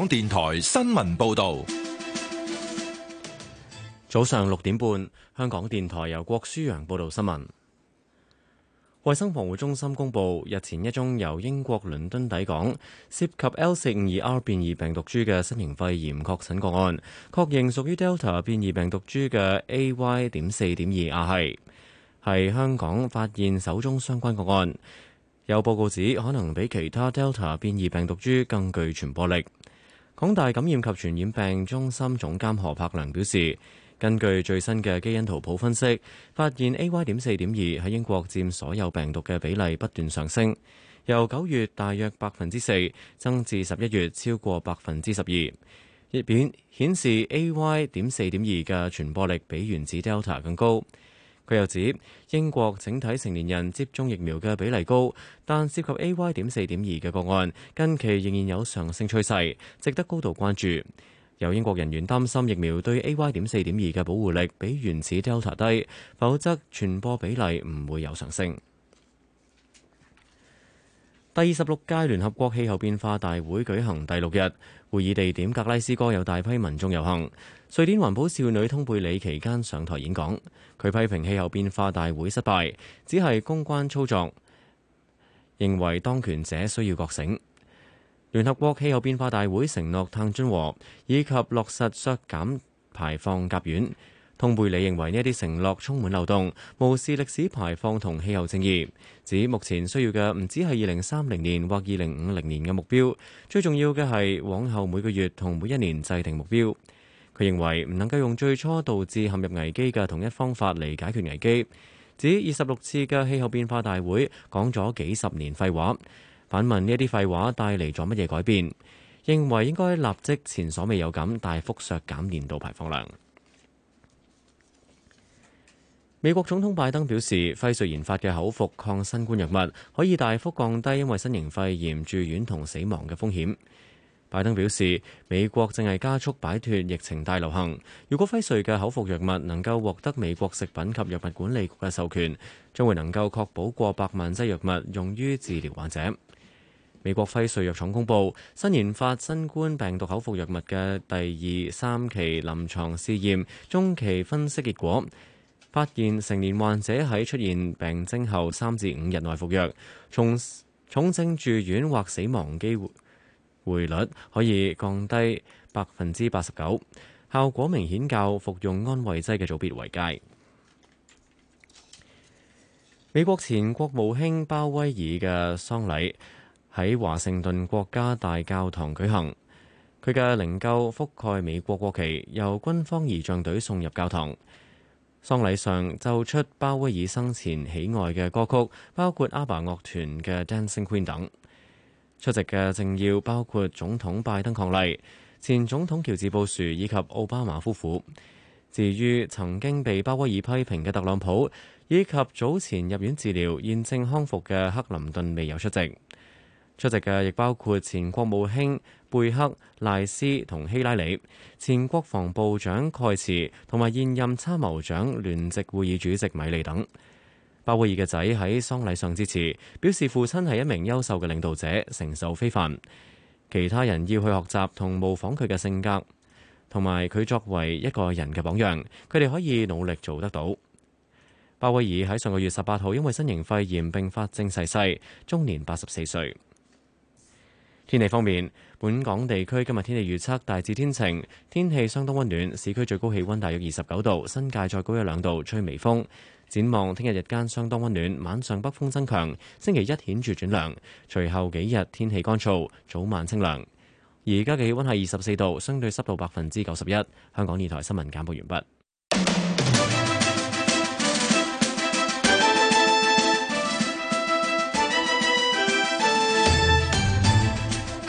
港電台新聞報道，早上六點半，香港電台由郭舒揚報道新聞。衛生防護中心公布，日前一宗由英國倫敦抵港涉及 L 四五二 R 變異病毒株嘅新型肺炎確診個案，確認屬於 Delta 變異病毒株嘅 AY 點四點二亞系，係香港發現首宗相關個案。有報告指，可能比其他 Delta 變異病毒株更具傳播力。港大感染及傳染病中心總監何柏良表示，根據最新嘅基因圖譜分析，發現 AY. 點四點二喺英國佔所有病毒嘅比例不斷上升，由九月大約百分之四，增至十一月超過百分之十二。熱片顯示 AY. 點四點二嘅傳播力比原子 Delta 更高。佢又指，英國整體成年人接種疫苗嘅比例高，但涉及 A Y. 點四點二嘅個案，近期仍然有上升趨勢，值得高度關注。有英國人員擔心疫苗對 A Y. 點四點二嘅保護力比原始 Delta 低，否則傳播比例唔會有上升。第二十六屆聯合國氣候變化大會舉行第六日，會議地點格拉斯哥有大批民眾遊行。瑞典環保少女通貝里期間上台演講，佢批評氣候變化大會失敗，只係公關操作，認為當權者需要覺醒。聯合國氣候變化大會承諾碳中和以及落實削減排放甲烷。通貝里認為呢一啲承諾充滿漏洞，無視歷史排放同氣候正義，指目前需要嘅唔止係二零三零年或二零五零年嘅目標，最重要嘅係往後每個月同每一年制定目標。佢認為唔能夠用最初導致陷入危機嘅同一方法嚟解決危機，指二十六次嘅氣候變化大會講咗幾十年廢話，反問呢啲廢話帶嚟咗乜嘢改變？認為應該立即前所未有咁大幅削減年度排放量。美國總統拜登表示，輝瑞研發嘅口服抗新冠藥物可以大幅降低因為新型肺炎住院同死亡嘅風險。拜登表示，美國正係加速擺脫疫情大流行。如果輝瑞嘅口服藥物能夠獲得美國食品及藥物管理局嘅授權，將會能夠確保過百萬劑藥物用於治療患者。美國輝瑞藥廠公布新研發新冠病毒口服藥物嘅第二三期臨床試驗中期分析結果，發現成年患者喺出現病徵後三至五日內服藥，從重，重症住院或死亡機會。匯率可以降低百分之八十九，效果明顯較服用安慰劑嘅組別為佳。美國前國務卿鮑威爾嘅喪禮喺華盛頓國家大教堂舉行，佢嘅靈柩覆蓋美國國旗，由軍方儀仗隊送入教堂。喪禮上奏出鮑威爾生前喜愛嘅歌曲，包括阿爸樂團嘅《Dancing Queen》等。出席嘅政要包括總統拜登伉儷、前總統喬治布殊以及奧巴馬夫婦。至於曾經被鮑威爾批評嘅特朗普，以及早前入院治療現正康復嘅克林頓，未有出席。出席嘅亦包括前國務卿貝克、賴斯同希拉里、前國防部長蓋茨同埋現任參謀長聯席會議主席米利等。鮑威爾嘅仔喺喪禮上致詞，表示父親係一名優秀嘅領導者，成就非凡。其他人要去學習同模仿佢嘅性格，同埋佢作為一個人嘅榜樣，佢哋可以努力做得到。鮑威爾喺上個月十八號，因為新型肺炎併發症逝世，終年八十四歲。天氣方面，本港地區今日天氣預測大致天晴，天氣相當溫暖，市區最高氣溫大約二十九度，新界再高一兩度，吹微風。展望聽日日間相當溫暖，晚上北風增強，星期一顯著轉涼，隨後幾日天氣乾燥，早晚清涼。而家嘅氣溫係二十四度，相對濕度百分之九十一。香港，香港電台新聞簡報完畢。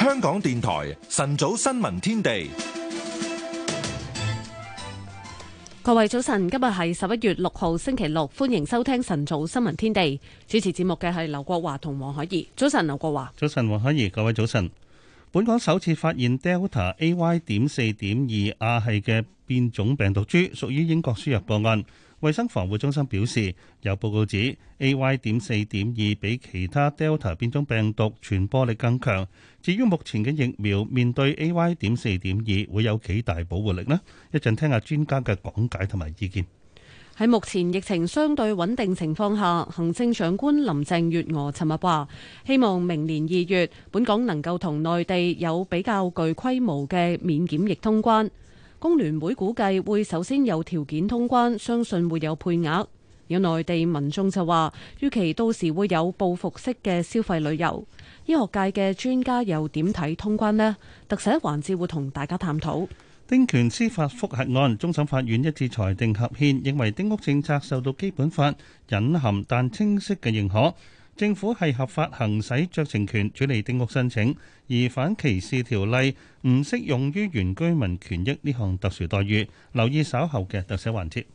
香港電台晨早新聞天地。各位早晨，今日係十一月六號星期六，歡迎收聽晨早新聞天地。主持節目嘅係劉國華同黃海怡。早晨，劉國華。早晨，黃海怡。各位早晨。本港首次發現 Delta AY 點四點二亞系嘅變種病毒株，屬於英國輸入個案。衛生防護中心表示，有報告指 A Y. 點四點二比其他 Delta 變種病毒傳播力更強。至於目前嘅疫苗，面對 A Y. 點四點二會有幾大保護力呢？一陣聽下專家嘅講解同埋意見。喺目前疫情相對穩定情況下，行政長官林鄭月娥尋日話，希望明年二月本港能夠同內地有比較具規模嘅免檢疫通關。工聯會估計會首先有條件通關，相信會有配額。有內地民眾就話，預期到時會有報復式嘅消費旅遊。醫學界嘅專家又點睇通關呢？特寫環節會同大家探討。丁權司法複核案，終審法院一致裁定合憲，認為丁屋政策受到基本法隱含但清晰嘅認可。政府係合法行使酌情權處理丁屋申請，而反歧視條例唔適用於原居民權益呢項特殊待遇。留意稍後嘅特寫環節。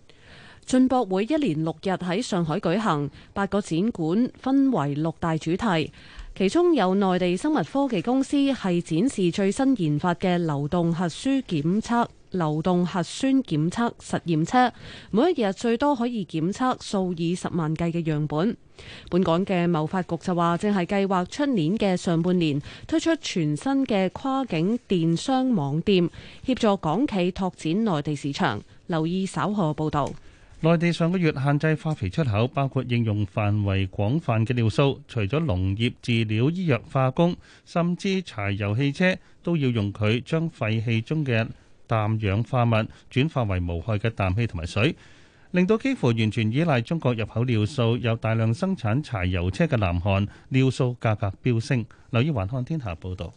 進博會一連六日喺上海舉行，八個展館分為六大主題，其中有內地生物科技公司係展示最新研發嘅流動核酸檢測。流動核酸檢測實驗車，每一日最多可以檢測數以十萬計嘅樣本。本港嘅貿發局就話，正係計劃出年嘅上半年推出全新嘅跨境電商網店，協助港企拓展內地市場。留意稍後報道。內地上個月限制化肥出口，包括應用範圍廣泛嘅尿素，除咗農業、飼料、醫藥、化工，甚至柴油汽車都要用佢將廢氣中嘅。氮氧化物轉化為無害嘅氮氣同埋水，令到幾乎完全依賴中國入口尿素，有大量生產柴油車嘅南韓，尿素價格飆升。留意環看天下報道。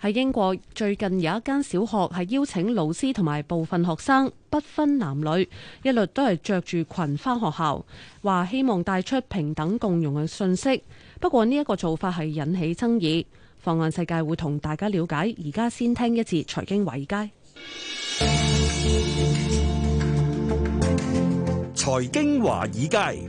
喺英國，最近有一間小學係邀請老師同埋部分學生不分男女，一律都係着住裙返學校，話希望帶出平等共融嘅信息。不過呢一個做法係引起爭議。放眼世界，會同大家了解。而家先聽一次財經維佳。財經華爾街，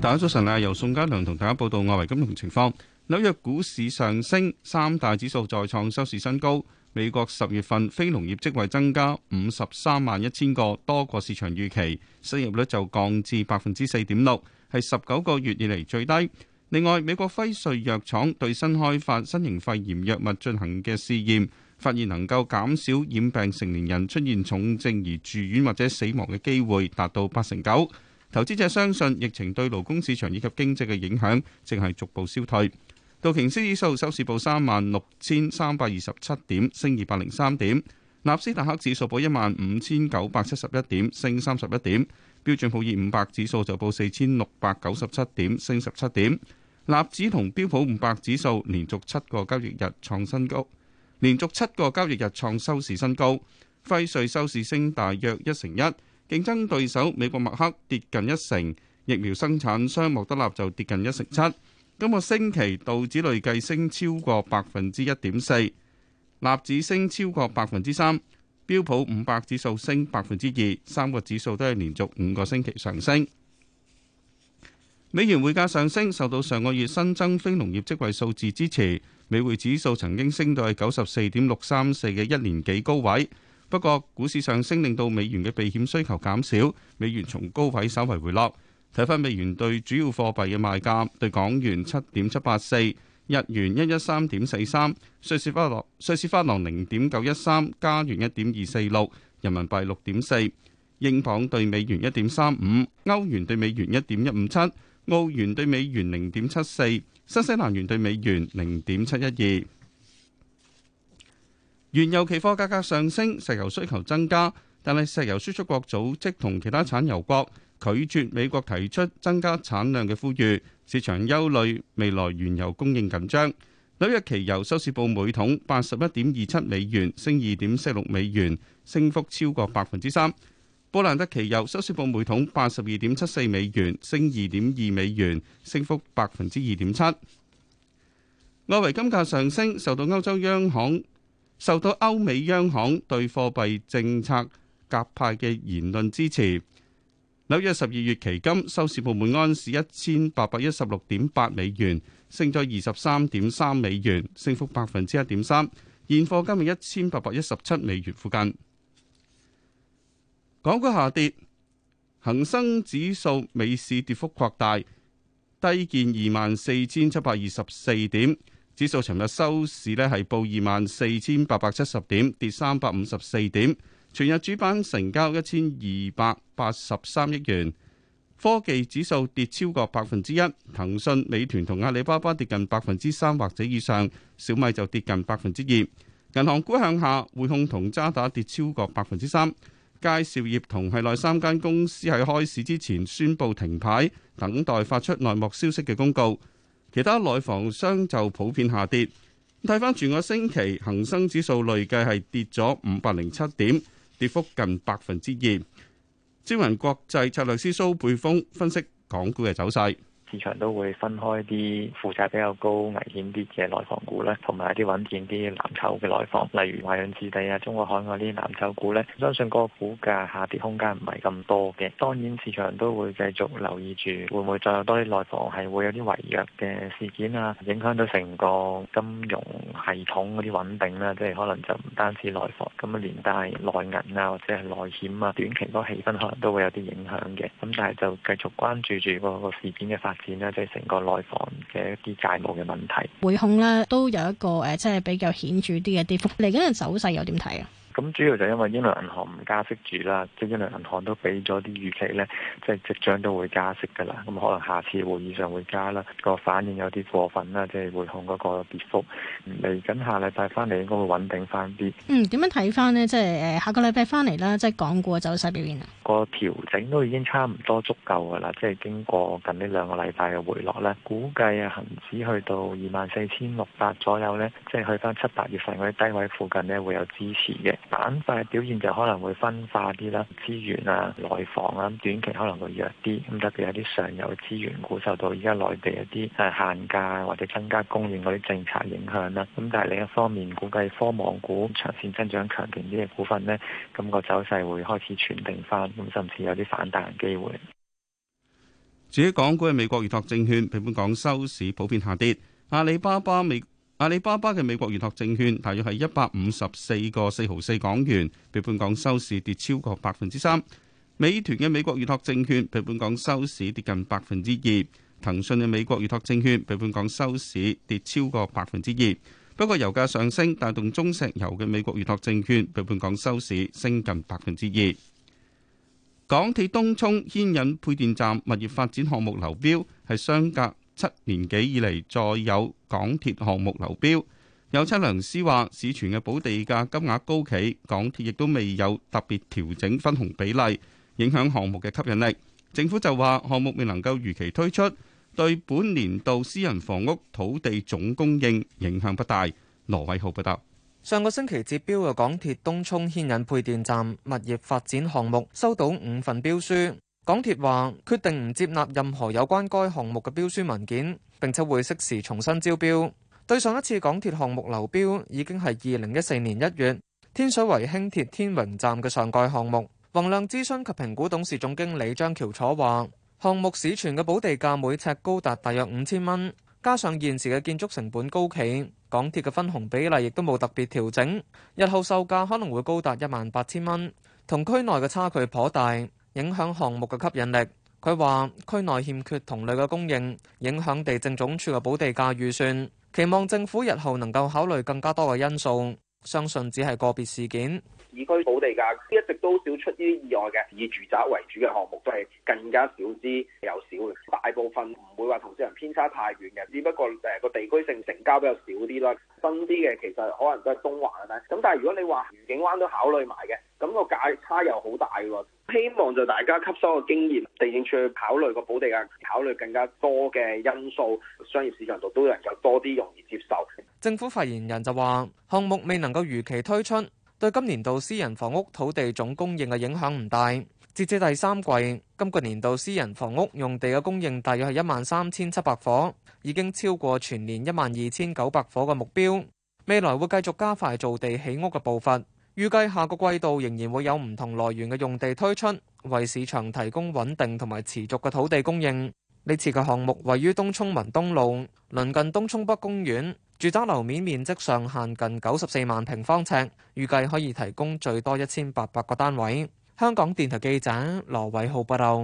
大家早晨啊！由宋嘉良同大家報道外圍金融情況。紐約股市上升，三大指數再創收市新高。美國十月份非農業職位增加五十三萬一千個，多過市場預期，失業率就降至百分之四點六，係十九個月以嚟最低。另外，美國輝瑞藥廠對新開發新型肺炎藥物進行嘅試驗。發現能夠減少染病成年人出現重症而住院或者死亡嘅機會，達到八成九。投資者相信疫情對勞工市場以及經濟嘅影響正係逐步消退。道瓊斯指數收市報三萬六千三百二十七點，升二百零三點；納斯達克指數報一萬五千九百七十一點，升三十一點；標準普爾五百指數就報四千六百九十七點，升十七點。納指同標普五百指數連續七個交易日創新高。連續七個交易日創收市新高，輝瑞收市升大約一成一，競爭對手美國麥克跌近一成，疫苗生產商莫德納就跌近一成七。今個星期道指累計升超過百分之一點四，納指升超過百分之三，標普五百指數升百分之二，三個指數都係連續五個星期上升。美元匯價上升，受到上個月新增非農業職位數字支持，美匯指數曾經升到係九十四點六三四嘅一年幾高位。不過股市上升令到美元嘅避險需求減少，美元從高位稍為回落。睇返美元對主要貨幣嘅賣價，對港元七點七八四，日元一一三點四三，瑞士法郎瑞士法郎零點九一三，加元一點二四六，人民幣六點四，英鎊對美元一點三五，歐元對美元一點一五七。澳元兌美元零點七四，新西蘭元兌美元零點七一二。原油期貨價格上升，石油需求增加，但係石油輸出國組織同其他產油國拒絕美國提出增加產量嘅呼籲，市場憂慮未來原油供應緊張。紐約期油收市報每桶八十一點二七美元，升二點四六美元，升幅超過百分之三。布蘭特期油收市報每桶八十二點七四美元，升二點二美元，升幅百分之二點七。外圍金價上升，受到歐洲央行、受到歐美央行對貨幣政策鴿派嘅言論支持。紐約十二月期金收市報每安士一千八百一十六點八美元，升咗二十三點三美元，升幅百分之一點三。現貨金喺一千八百一十七美元附近。港股下跌，恒生指數尾市跌幅擴大，低見二萬四千七百二十四點。指數尋日收市咧係報二萬四千八百七十點，跌三百五十四點。全日主板成交一千二百八十三億元。科技指數跌超過百分之一，騰訊、美團同阿里巴巴跌近百分之三或者以上，小米就跌近百分之二。銀行股向下，匯控同渣打跌超過百分之三。介紹業同系內三間公司喺開市之前宣布停牌，等待發出內幕消息嘅公告。其他內房商就普遍下跌。睇翻全個星期恒生指數累計係跌咗五百零七點，跌幅近百分之二。招銀國際策略師蘇貝峰分析港股嘅走勢。市場都會分開啲負債比較高、危險啲嘅內房股咧，同埋一啲穩健啲藍籌嘅內房，例如華潤置地啊、中國海外啲藍籌股咧，相信個股價下跌空間唔係咁多嘅。當然市場都會繼續留意住，會唔會再有多啲內房係會有啲違約嘅事件啊，影響到成個金融系統嗰啲穩定啦、啊。即係可能就唔單止內房，咁啊連帶內銀啊或者係內險啊，短期個氣氛可能都會有啲影響嘅。咁但係就繼續關注住個個事件嘅發展咧，即係成個內房嘅一啲債務嘅問題，匯控咧都有一個誒，即係比較顯著啲嘅跌幅。嚟緊嘅走勢又點睇啊？咁主要就因為英倫銀行唔加息住啦，即係英倫銀行都俾咗啲預期咧，即係即，即將都會加息噶啦。咁可能下次會議上會加啦，個反應有啲過分啦，即係匯控嗰個跌幅嚟緊下禮拜翻嚟應該會穩定翻啲。嗯，點樣睇翻咧？即係誒下個禮拜翻嚟啦，即係港股嘅走勢表現啊？個調整都已經差唔多足夠噶啦，即係經過近呢兩個禮拜嘅回落咧，估計啊，恒指去到二萬四千六百左右咧，即係去翻七八月份嗰啲低位附近咧，會有支持嘅。板塊表現就可能會分化啲啦，資源啊、內房啊，短期可能會弱啲。咁特別有啲上游資源股受到而家內地一啲誒限價或者增加供應嗰啲政策影響啦。咁但係另一方面，估計科網股長線增長強勁啲嘅股份呢，咁個走勢會開始轉定翻，咁甚至有啲反彈機會。至於港股嘅美國預託證券，平本港收市普遍下跌，阿里巴巴美。阿里巴巴嘅美國預託證券，大約係一百五十四個四毫四港元，比本港收市跌超過百分之三。美團嘅美國預託證券比本港收市跌近百分之二。騰訊嘅美國預託證券比本港收市跌超過百分之二。不過油價上升，帶動中石油嘅美國預託證券比本港收市升近百分之二。港鐵東涌牽引配電站物業發展項目流標，係相隔七年幾以嚟，再有港鐵項目流標，有測量師話市傳嘅補地價金額高企，港鐵亦都未有特別調整分紅比例，影響項目嘅吸引力。政府就話項目未能夠如期推出，對本年度私人房屋土地總供應影響不大。羅偉浩報道，上個星期截標嘅港鐵東涌牽引配電站物業發展項目收到五份標書。港鐵話決定唔接納任何有關該項目嘅標書文件，並且會適時重新招標。對上一次港鐵項目流標已經係二零一四年一月，天水圍輕鐵天榮站嘅上蓋項目。宏亮諮詢及評估董事總經理張喬楚話，項目市傳嘅補地價每尺高達大約五千蚊，加上現時嘅建築成本高企，港鐵嘅分紅比例亦都冇特別調整，日後售價可能會高達一萬八千蚊，同區內嘅差距頗大。影響項目嘅吸引力。佢話區內欠缺同類嘅供應，影響地政總署嘅補地價預算。期望政府日後能夠考慮更加多嘅因素。相信只係個別事件。市區補地價一直都少出啲意外嘅，以住宅為主嘅項目都係更加少之又少。大部分唔會話同市場偏差太遠嘅，只不過誒個地區性成交比較少啲啦。新啲嘅其實可能都係中環啦。咁但係如果你話愉景灣都考慮埋嘅，咁個價差又好大。希望就大家吸收嘅經驗，地政處去考慮個補地價，考慮更加多嘅因素，商業市場度都能夠多啲容易接受。政府發言人就話，項目未能夠如期推出，對今年度私人房屋土地總供應嘅影響唔大。截至第三季，今個年度私人房屋用地嘅供應大約係一萬三千七百伙，已經超過全年一萬二千九百伙嘅目標。未來會繼續加快造地起屋嘅步伐。預計下個季度仍然會有唔同來源嘅用地推出，為市場提供穩定同埋持續嘅土地供應。呢次嘅項目位於東涌文東路，鄰近東涌北公園，住宅樓面面積上限近九十四萬平方尺，預計可以提供最多一千八百個單位。香港電台記者羅偉浩報道。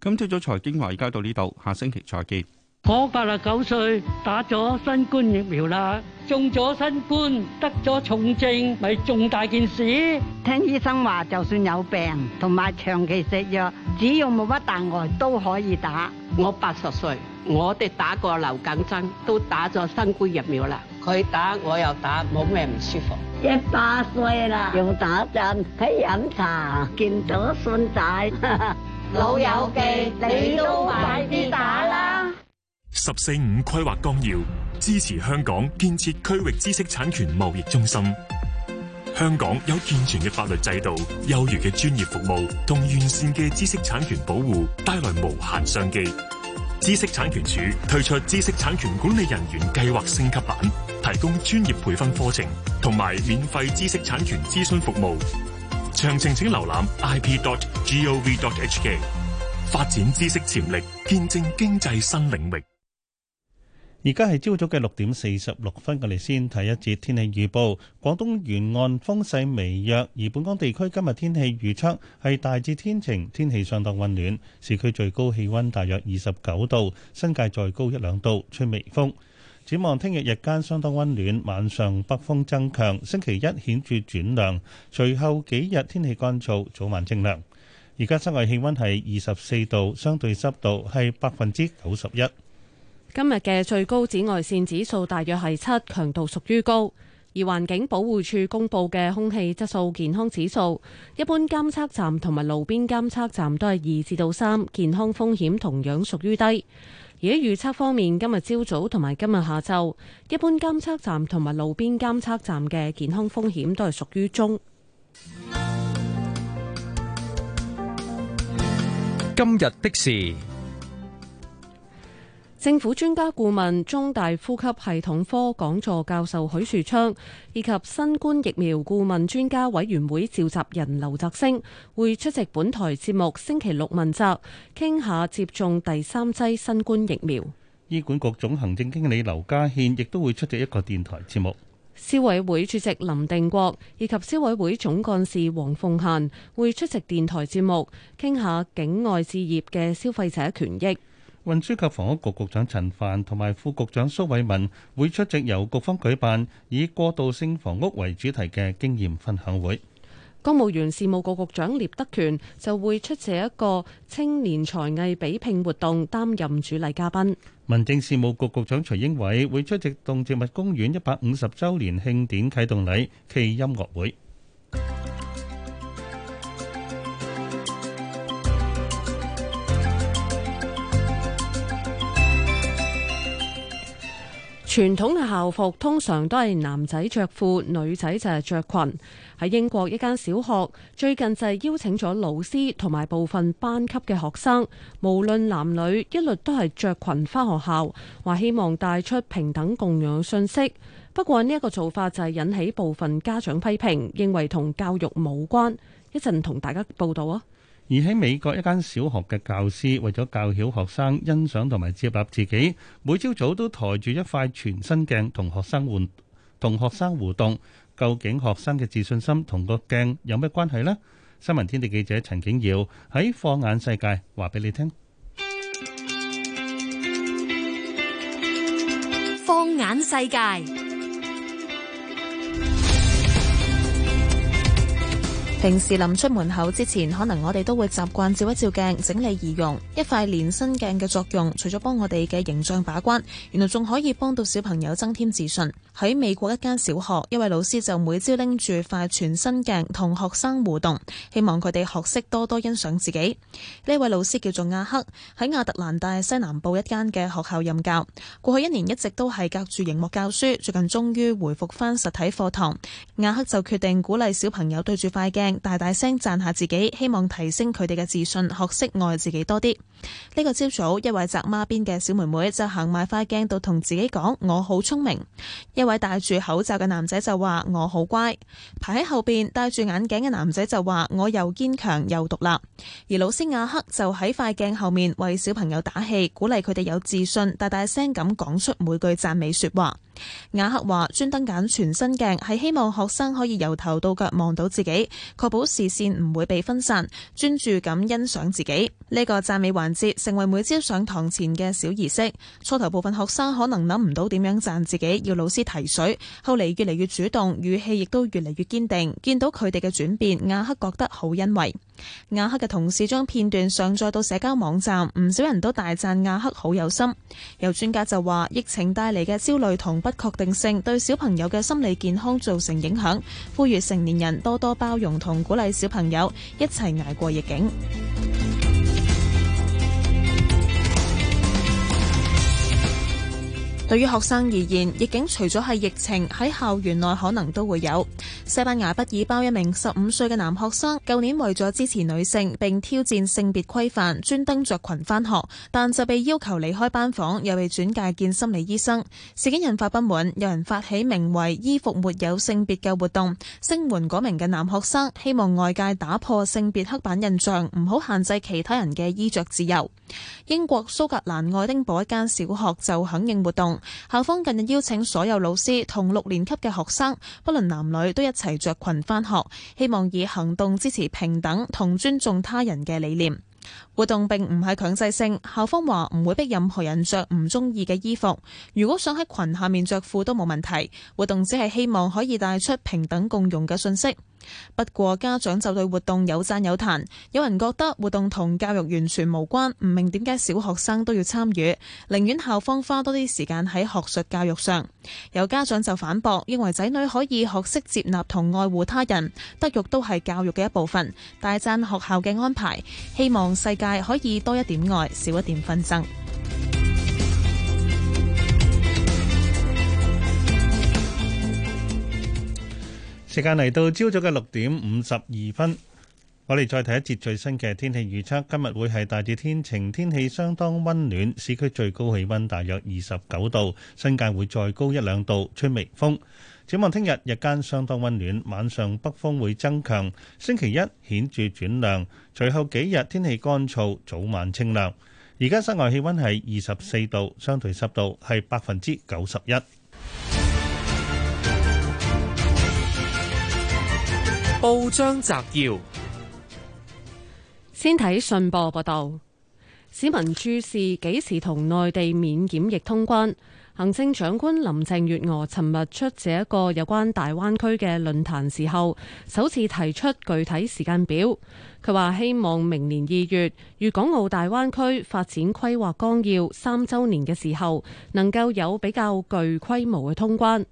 今朝早財經話事街到呢度，下星期再見。我八十九歲，打咗新冠疫苗啦，中咗新冠，得咗重症，咪重大件事。聽醫生話，就算有病同埋長期食藥，只要冇乜大礙都可以打。我八十歲，我哋打過流感針，都打咗新冠疫苗啦。佢打我又打，冇咩唔舒服。一百歲啦，用打針，喺飲茶見咗信仔，老友記，你都快啲打啦。十四五規劃綱要支持香港建設區域知識產權貿易中心。香港有健全嘅法律制度、優越嘅專業服務同完善嘅知識產權保護，帶來無限商機。知識產權署推出知識產權管理人員計劃升級版，提供專業培訓課程同埋免費知識產權諮詢服務。詳情請瀏覽 ip dot gov dot hk。發展知識潛力，見證經濟新領域。而家係朝早嘅六點四十六分，我哋先睇一節天氣預報。廣東沿岸風勢微弱，而本港地區今日天氣預測係大致天晴，天氣相當溫暖，市區最高氣溫大約二十九度，新界再高一兩度，吹微風。展望聽日日間相當溫暖，晚上北風增強。星期一顯著轉涼，隨後幾日天氣乾燥，早晚清涼。而家室外氣溫係二十四度，相對濕度係百分之九十一。今日嘅最高紫外線指數大約係七，強度屬於高。而環境保護署公布嘅空氣質素健康指數，一般監測站同埋路邊監測站都係二至到三，健康風險同樣屬於低。而喺預測方面，今日朝早同埋今日下晝，一般監測站同埋路邊監測站嘅健康風險都係屬於中。今日的事。政府專家顧問、中大呼吸系統科講座教授許樹昌，以及新冠疫苗顧問專家委員會召集人劉澤星，會出席本台節目星期六問責，傾下接種第三劑新冠疫苗。醫管局總行政經理劉家憲亦都會出席一個電台節目。消委會主席林定國以及消委會總幹事黃鳳嫻會出席電台節目，傾下境外置業嘅消費者權益。運輸及房屋局局長陳帆同埋副局長蘇偉文會出席由局方舉辦以過渡性房屋為主題嘅經驗分享會。公務員事務局局長聶德權就會出席一個青年才藝比拼活動擔任主禮嘉賓。民政事務局局長徐英偉會出席動植物公園一百五十周年慶典啟動禮暨音樂會。傳統嘅校服通常都係男仔着褲，女仔就係着裙。喺英國一間小學，最近就係邀請咗老師同埋部分班級嘅學生，無論男女，一律都係着裙返學校，話希望帶出平等共融嘅信息。不過呢一個做法就係引起部分家長批評，認為同教育冇關。一陣同大家報道啊！而喺美國一間小學嘅教師，為咗教曉學生欣賞同埋接納自己，每朝早都抬住一塊全身鏡同學生互同學生互動。究竟學生嘅自信心同個鏡有咩關係呢？新聞天地記者陳景耀喺《放眼世界》話俾你聽。放眼世界。平時臨出門口之前，可能我哋都會習慣照一照鏡，整理儀容。一塊連身鏡嘅作用，除咗幫我哋嘅形象把關，原來仲可以幫到小朋友增添自信。喺美國一間小學，一位老師就每朝拎住塊全身鏡同學生互動，希望佢哋學識多多欣賞自己。呢位老師叫做亞克，喺亞特蘭大西南部一間嘅學校任教。過去一年一直都係隔住熒幕教書，最近終於回復返實體課堂，亞克就決定鼓勵小朋友對住塊鏡。大大聲讚下自己，希望提升佢哋嘅自信，學識愛自己多啲。呢個朝早，一位紮孖辮嘅小妹妹就行埋塊鏡度同自己講：我好聰明。一位戴住口罩嘅男仔就話：我好乖。排喺後邊戴住眼鏡嘅男仔就話：我又堅強又獨立。而老師亞克就喺塊鏡後面為小朋友打氣，鼓勵佢哋有自信，大大聲咁講出每句讚美說話。雅克話：專登揀全身鏡係希望學生可以由頭到腳望到自己，確保視線唔會被分散，專注咁欣賞自己。呢個讚美環節成為每朝上堂前嘅小儀式。初頭部分學生可能諗唔到點樣讚自己，要老師提水，後嚟越嚟越主動，語氣亦都越嚟越堅定。見到佢哋嘅轉變，雅克覺得好欣慰。雅克嘅同事將片段上載到社交網站，唔少人都大讚雅克好有心。有專家就話：疫情帶嚟嘅焦慮同不。確定性對小朋友嘅心理健康造成影響，呼籲成年人多多包容同鼓勵小朋友一齊捱過逆境。對於學生而言，逆境除咗係疫情，喺校園內可能都會有。西班牙畢爾包一名十五歲嘅男學生，舊年為咗支持女性並挑戰性別規範，專登着裙翻學，但就被要求離開班房，又被轉介見心理醫生。事件引發不滿，有人發起名為“衣服沒有性別”嘅活動，聲援嗰名嘅男學生，希望外界打破性別刻板印象，唔好限制其他人嘅衣着自由。英國蘇格蘭愛丁堡一間小學就響應活動。校方近日邀請所有老師同六年級嘅學生，不論男女都一齊着裙返學，希望以行動支持平等同尊重他人嘅理念。活動並唔係強制性，校方話唔會逼任何人着唔中意嘅衣服，如果想喺裙下面着褲都冇問題。活動只係希望可以帶出平等共融嘅信息。不過家長就對活動有贊有彈，有人覺得活動同教育完全無關，唔明點解小學生都要參與，寧願校方花多啲時間喺學術教育上。有家長就反駁，認為仔女可以學識接納同愛護他人，德育都係教育嘅一部分，大贊學校嘅安排，希望世界可以多一點愛，少一點紛爭。時間嚟到朝早嘅六點五十二分，我哋再睇一節最新嘅天氣預測。今日會係大致天晴，天氣相當溫暖，市區最高氣溫大約二十九度，新界會再高一兩度，吹微風。展望聽日日間相當溫暖，晚上北風會增強。星期一顯著轉涼，隨後幾日天氣乾燥，早晚清涼。而家室外氣溫係二十四度，相對濕度係百分之九十一。報章摘要：先睇信報報道，市民注視幾時同內地免檢疫通關。行政長官林鄭月娥尋日出席這一個有關大灣區嘅論壇時候，首次提出具體時間表。佢話希望明年二月，粵港澳大灣區發展規劃綱要三週年嘅時候，能夠有比較具規模嘅通關。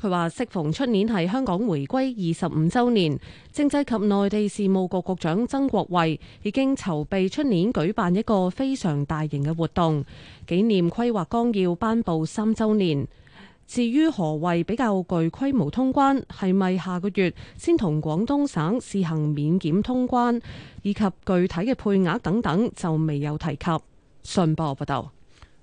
佢話：適逢出年係香港回歸二十五週年，政制及內地事務局局，局長曾國衛已經籌備出年舉辦一個非常大型嘅活動，紀念《規劃綱要》頒布三週年。至於何謂比較具規模通關，係咪下個月先同廣東省試行免檢通關，以及具體嘅配額等等，就未有提及。信報報道。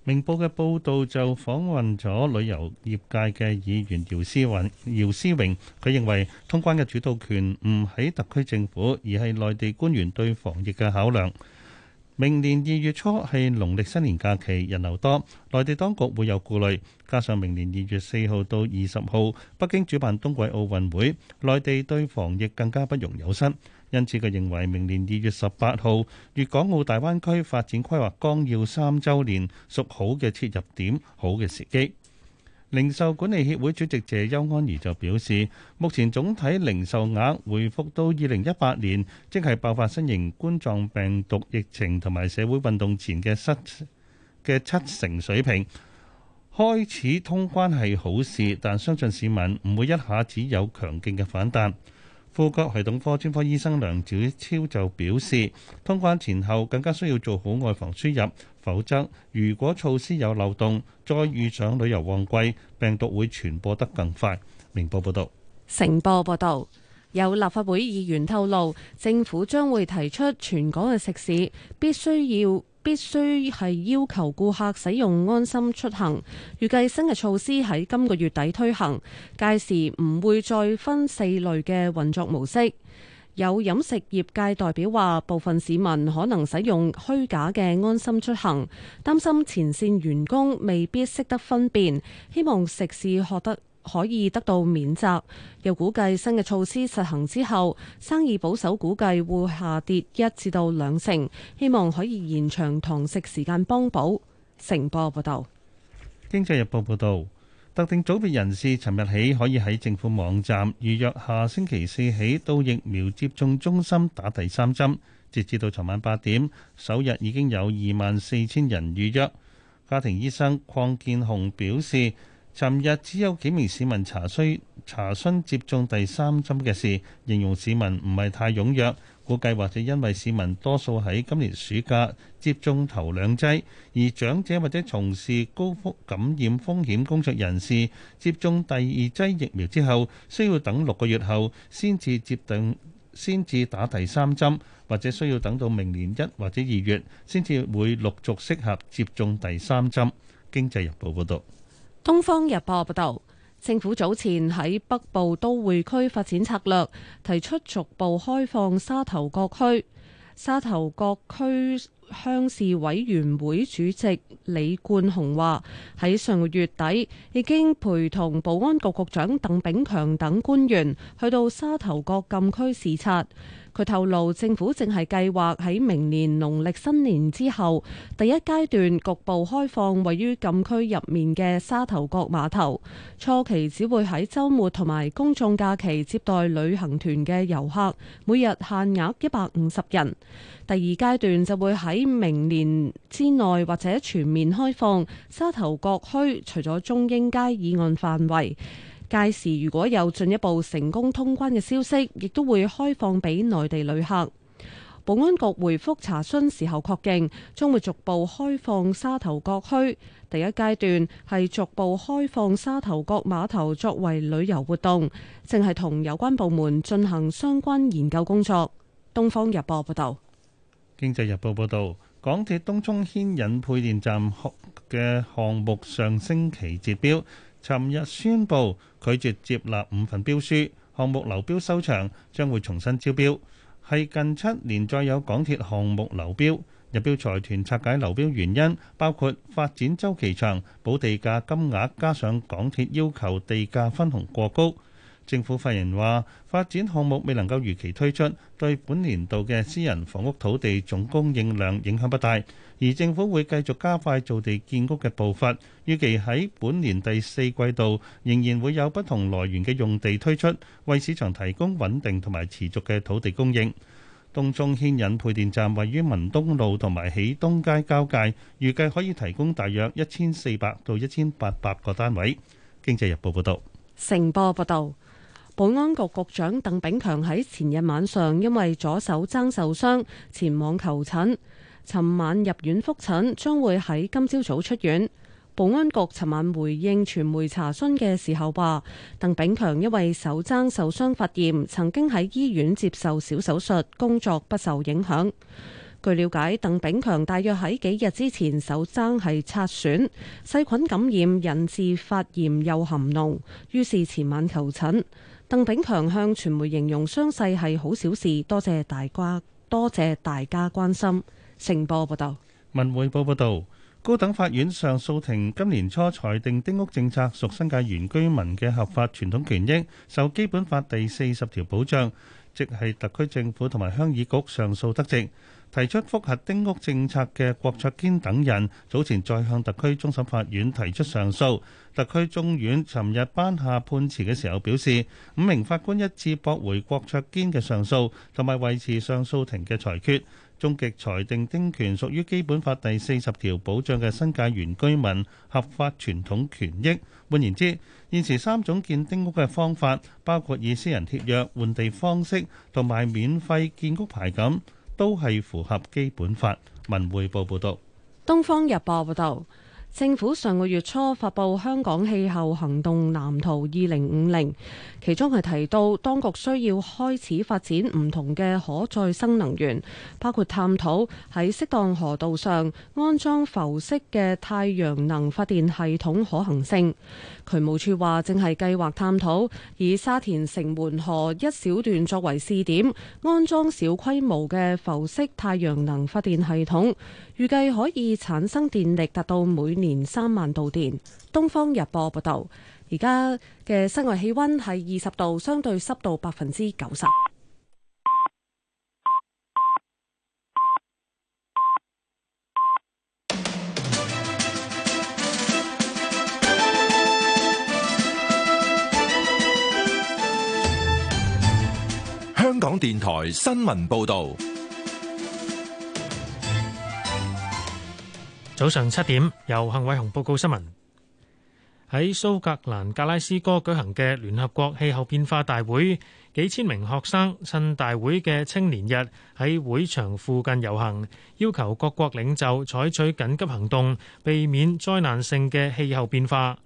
明報嘅報導就訪問咗旅遊業界嘅議員姚思榮、姚思榮，佢認為通關嘅主導權唔喺特區政府，而係內地官員對防疫嘅考量。明年二月初係農曆新年假期，人流多，內地當局會有顧慮。加上明年二月四號到二十號，北京主辦冬季奧運會，內地對防疫更加不容有失。因此佢認為，明年二月十八號，粵港澳大灣區發展規劃綱要三週年，屬好嘅切入點，好嘅時機。零售管理協會主席謝邱安儀就表示，目前總體零售額回復到二零一八年，即係爆發新型冠狀病毒疫情同埋社會運動前嘅七嘅七成水平。開始通關係好事，但相信市民唔會一下子有強勁嘅反彈。呼吸系統科專科醫生梁子超就表示，通關前後更加需要做好外防輸入，否則如果措施有漏洞，再遇上旅遊旺季，病毒會傳播得更快。明報報道：成報報道，有立法會議員透露，政府將會提出全港嘅食肆必須要。必須係要求顧客使用安心出行，預計新嘅措施喺今個月底推行，屆時唔會再分四類嘅運作模式。有飲食業界代表話，部分市民可能使用虛假嘅安心出行，擔心前線員工未必識得分辨，希望食肆學得。可以得到免責，又估計新嘅措施實行之後，生意保守估計會下跌一至到兩成。希望可以延長堂食時間幫補。成播報道，《經濟日報》報道，特定組別人士尋日起可以喺政府網站預約，下星期四起到疫苗接種中心打第三針，截至到尋晚八點，首日已經有二萬四千人預約。家庭醫生鄺建雄表示。尋日只有幾名市民查詢查詢接種第三針嘅事，形容市民唔係太踴躍。估計或者因為市民多數喺今年暑假接種頭兩劑，而長者或者從事高福感染風險工作人士接種第二劑疫苗之後，需要等六個月後先至接種先至打第三針，或者需要等到明年一或者二月先至會陸續適合接種第三針。經濟日報報導。東方日報報道，政府早前喺北部都會區發展策略提出逐步開放沙頭角區。沙頭角區鄉事委員會主席李冠雄話，喺上個月底已經陪同保安局局長鄧炳強等官員去到沙頭角禁區視察。佢透露，政府正係計劃喺明年農曆新年之後第一階段局部開放位於禁區入面嘅沙頭角碼頭，初期只會喺週末同埋公眾假期接待旅行團嘅遊客，每日限額一百五十人。第二階段就會喺明年之內或者全面開放沙頭角區，除咗中英街以外範圍。屆時如果有進一步成功通關嘅消息，亦都會開放俾內地旅客。保安局回覆查詢時候確認，將會逐步開放沙頭角區。第一階段係逐步開放沙頭角碼頭作為旅遊活動，正係同有關部門進行相關研究工作。《東方日報》報道，《經濟日報》報道，港鐵東涌牽引配電站嘅項目上星期截標。尋日宣布拒絕接納五份標書，項目流標收場，將會重新招標。係近七年再有港鐵項目流標，入標財團拆解流標原因，包括發展週期長、補地價金額加上港鐵要求地價分紅過高。政府發言話，發展項目未能夠如期推出，對本年度嘅私人房屋土地總供應量影響不大。而政府會繼續加快造地建屋嘅步伐，預期喺本年第四季度仍然會有不同來源嘅用地推出，為市場提供穩定同埋持續嘅土地供應。東涌牽引配電站位於文東路同埋喜東街交界，預計可以提供大約一千四百到一千八百個單位。經濟日報報導。成波報導，保安局局長鄧炳強喺前日晚上因為左手踭受傷，前往求診。尋晚入院覆診，將會喺今朝早出院。保安局尋晚回應傳媒查詢嘅時候話，鄧炳強因為手踭受傷發炎，曾經喺醫院接受小手術，工作不受影響。據了解，鄧炳強大約喺幾日之前手踭係擦損，細菌感染引致發炎又含膿，於是前晚求診。鄧炳強向傳媒形容傷勢係好小事，多謝大家多謝大家關心。成報報道，文匯報報道，高等法院上訴庭今年初裁定丁屋政策屬新界原居民嘅合法傳統權益，受基本法第四十條保障，即係特區政府同埋鄉議局上訴得直。提出覆核丁屋政策嘅郭卓堅等人，早前再向特區終審法院提出上訴。特區終院尋日頒下判詞嘅時候表示，五名法官一致駁回郭卓堅嘅上訴，同埋維持上訴庭嘅裁決。終極裁定丁權屬於基本法第四十條保障嘅新界原居民合法傳統權益。換言之，現時三種建丁屋嘅方法，包括以私人協約換地方式，同埋免費建屋牌噉，都係符合基本法。文匯報報導，東方日報報導。政府上個月初發布《香港氣候行動藍圖2050》，其中係提到當局需要開始發展唔同嘅可再生能源，包括探討喺適當河道上安裝浮式嘅太陽能發電系統嘅可行性。渠務處話，正係計劃探討以沙田城門河一小段作為試點，安裝小規模嘅浮式太陽能發電系統，預計可以產生電力達到每年三萬度電。東方日報報道，而家嘅室外氣溫係二十度，相對濕度百分之九十。香港電台新聞報道，早上七點，由幸偉雄報告新聞。喺蘇格蘭格拉斯哥舉行嘅聯合國氣候變化大會，幾千名學生趁大會嘅青年日喺會場附近遊行，要求各國領袖採取緊急行動，避免災難性嘅氣候變化。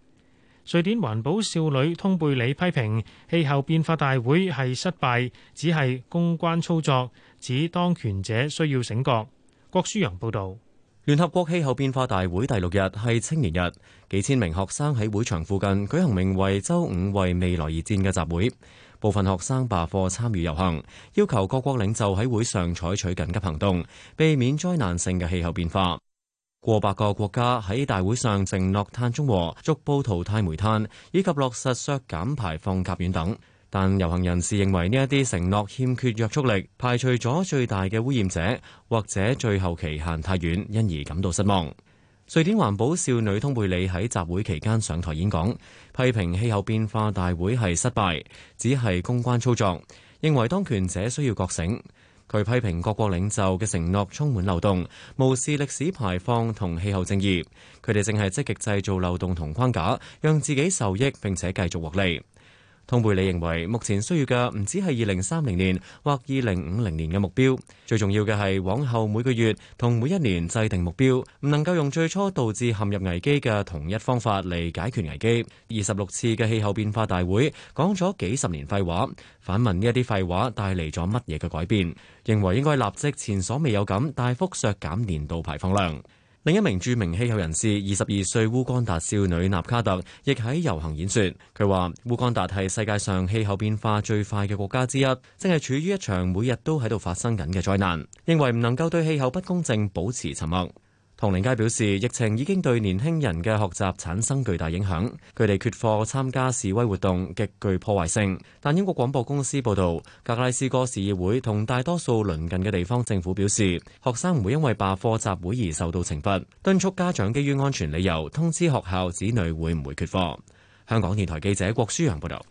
瑞典環保少女通貝里批評氣候變化大會係失敗，只係公關操作，指當權者需要醒覺。郭舒陽報導，聯合國氣候變化大會第六日係青年日，幾千名學生喺會場附近舉行名為「周五為未來而戰」嘅集會，部分學生罷課參與遊行，要求各國領袖喺會上採取緊急行動，避免災難性嘅氣候變化。過百個國家喺大會上承諾碳中和、逐步淘汰煤炭，以及落實削減排放甲烷等。但遊行人士認為呢一啲承諾欠缺約束力，排除咗最大嘅污染者，或者最後期限太遠，因而感到失望。瑞典環保少女通貝里喺集會期間上台演講，批評氣候變化大會係失敗，只係公關操作，認為當權者需要覺醒。佢批評各國領袖嘅承諾充滿漏洞，無視歷史排放同氣候正義。佢哋正係積極製造漏洞同框架，讓自己受益並且繼續獲利。通貝利認為，目前需要嘅唔止係二零三零年或二零五零年嘅目標，最重要嘅係往後每個月同每一年制定目標，唔能夠用最初導致陷入危機嘅同一方法嚟解決危機。二十六次嘅氣候變化大會講咗幾十年廢話，反問呢一啲廢話帶嚟咗乜嘢嘅改變？認為應該立即前所未有咁大幅削減年度排放量。另一名著名氣候人士，二十二歲烏干達少女納卡特，亦喺遊行演說。佢話：烏干達係世界上氣候變化最快嘅國家之一，正係處於一場每日都喺度發生緊嘅災難，認為唔能夠對氣候不公正保持沉默。唐寧街表示，疫情已經對年輕人嘅學習產生巨大影響，佢哋缺課參加示威活動極具破壞性。但英國廣播公司報道，格拉斯哥市議會同大多數鄰近嘅地方政府表示，學生唔會因為罷課集會而受到懲罰，敦促家長基於安全理由，通知學校子女會唔會缺課，香港電台記者郭舒陽報道。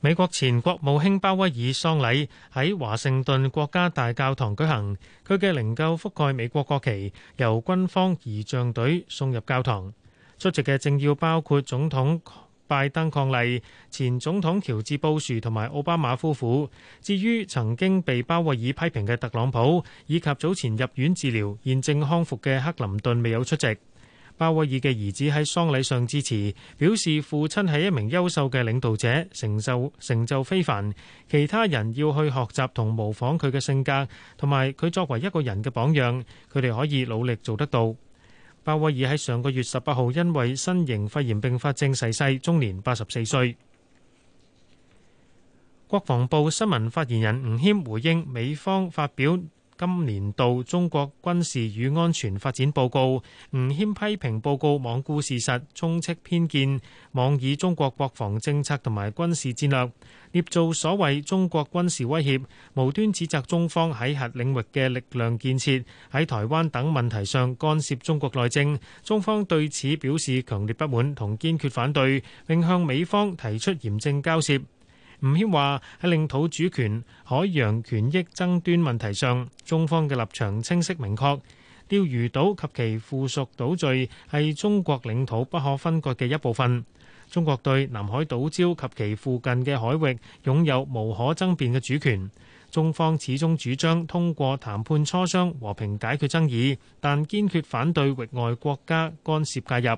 美國前國務卿鮑威爾喪禮喺華盛頓國家大教堂舉行，佢嘅靈柩覆蓋美國國旗，由軍方儀仗隊送入教堂。出席嘅政要包括總統拜登伉儷、前總統喬治布殊同埋奧巴馬夫婦。至於曾經被鮑威爾批評嘅特朗普，以及早前入院治療現正康復嘅克林頓，未有出席。鮑威爾嘅兒子喺喪禮上致詞，表示父親係一名優秀嘅領導者，成就成就非凡。其他人要去學習同模仿佢嘅性格，同埋佢作為一個人嘅榜樣，佢哋可以努力做得到。鮑威爾喺上個月十八號因為新型肺炎併發症逝世，終年八十四歲。國防部新聞發言人吳謙回應美方發表。今年度《中國軍事與安全發展報告》，吳謙批評報告罔顧事實、充斥偏見，妄以中國國防政策同埋軍事戰略，捏造所謂中國軍事威脅，無端指責中方喺核領域嘅力量建設喺台灣等問題上干涉中國內政。中方對此表示強烈不滿同堅決反對，並向美方提出嚴正交涉。吳謙話：喺領土主權、海洋權益爭端問題上，中方嘅立場清晰明確。釣魚島及其附屬島嶼係中國領土不可分割嘅一部分。中國對南海島礁及其附近嘅海域擁有無可爭辯嘅主權。中方始終主張通過談判磋商和平解決爭議，但堅決反對域外國家干涉介入。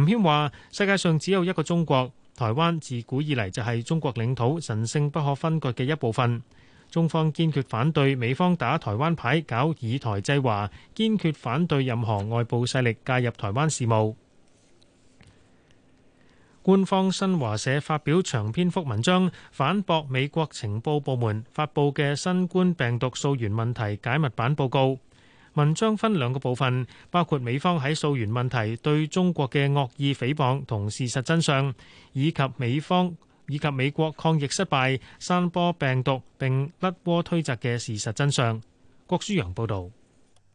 吳謙話：世界上只有一個中國。台灣自古以來就係中國領土、神聖不可分割嘅一部分。中方堅決反對美方打台灣牌、搞以台制華，堅決反對任何外部勢力介入台灣事務。官方新華社發表長篇幅文章反駁美國情報部門發布嘅新冠病毒溯源問題解密版報告。文章分兩個部分，包括美方喺溯源問題對中國嘅惡意誹謗同事實真相，以及美方以及美國抗疫失敗、散播病毒並甩鍋推責嘅事實真相。郭舒陽報導，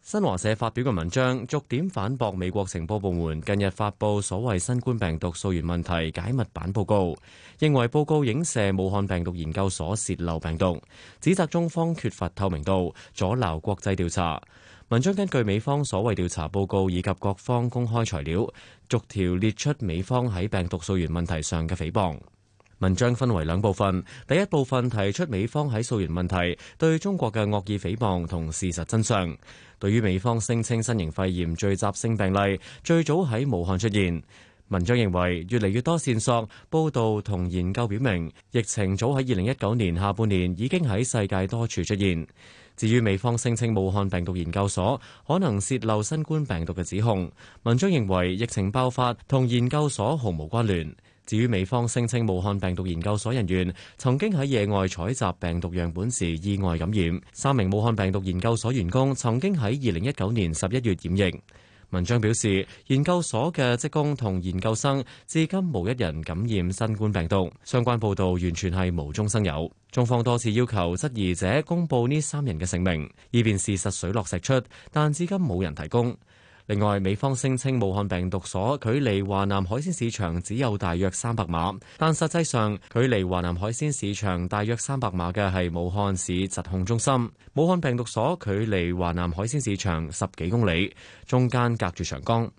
新華社發表嘅文章逐點反駁美國情報部門近日發布所謂新冠病毒溯源問題解密版報告，認為報告影射武漢病毒研究所洩漏病毒，指責中方缺乏透明度，阻撓國際調查。文章根據美方所謂調查報告以及各方公開材料，逐條列出美方喺病毒溯源問題上嘅誹謗。文章分為兩部分，第一部分提出美方喺溯源問題對中國嘅惡意誹謗同事實真相。對於美方聲稱新型肺炎聚集性病例最早喺武漢出現，文章認為越嚟越多線索、報導同研究表明，疫情早喺二零一九年下半年已經喺世界多處出現。至於美方聲稱武漢病毒研究所可能洩漏新冠病毒嘅指控，文章認為疫情爆發同研究所毫無關聯。至於美方聲稱武漢病毒研究所人員曾經喺野外採集病毒樣本時意外感染，三名武漢病毒研究所員工曾經喺二零一九年十一月染疫。文章表示，研究所嘅職工同研究生至今無一人感染新冠病毒，相關報道完全係無中生有。中方多次要求質疑者公布呢三人嘅姓名，以便事實水落石出，但至今冇人提供。另外，美方聲稱武漢病毒所距離華南海鮮市場只有大約三百碼，但實際上距離華南海鮮市場大約三百碼嘅係武漢市疾控中心。武漢病毒所距離華南海鮮市場十幾公里，中間隔住長江。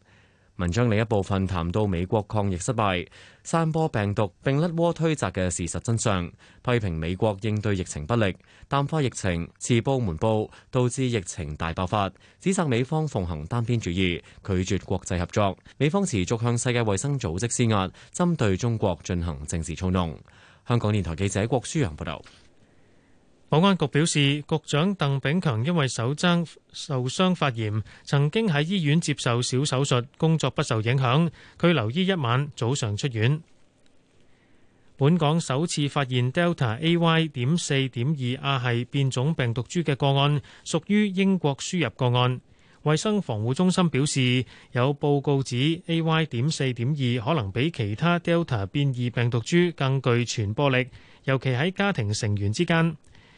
文章另一部分談到美國抗疫失敗散播病毒並甩鍋推責嘅事實真相，批評美國應對疫情不力、淡化疫情、遲報瞞報導致疫情大爆發，指責美方奉行單邊主義拒絕國際合作，美方持續向世界衛生組織施壓針對中國進行政治操弄。香港電台記者郭舒陽報道。保安局表示，局長鄧炳強因為手踭受傷發炎，曾經喺醫院接受小手術，工作不受影響。佢留醫一晚，早上出院。本港首次發現 Delta AY 點四點二亞系變種病毒株嘅個案，屬於英國輸入個案。衛生防護中心表示，有報告指 AY 點四點二可能比其他 Delta 變異病毒株更具傳播力，尤其喺家庭成員之間。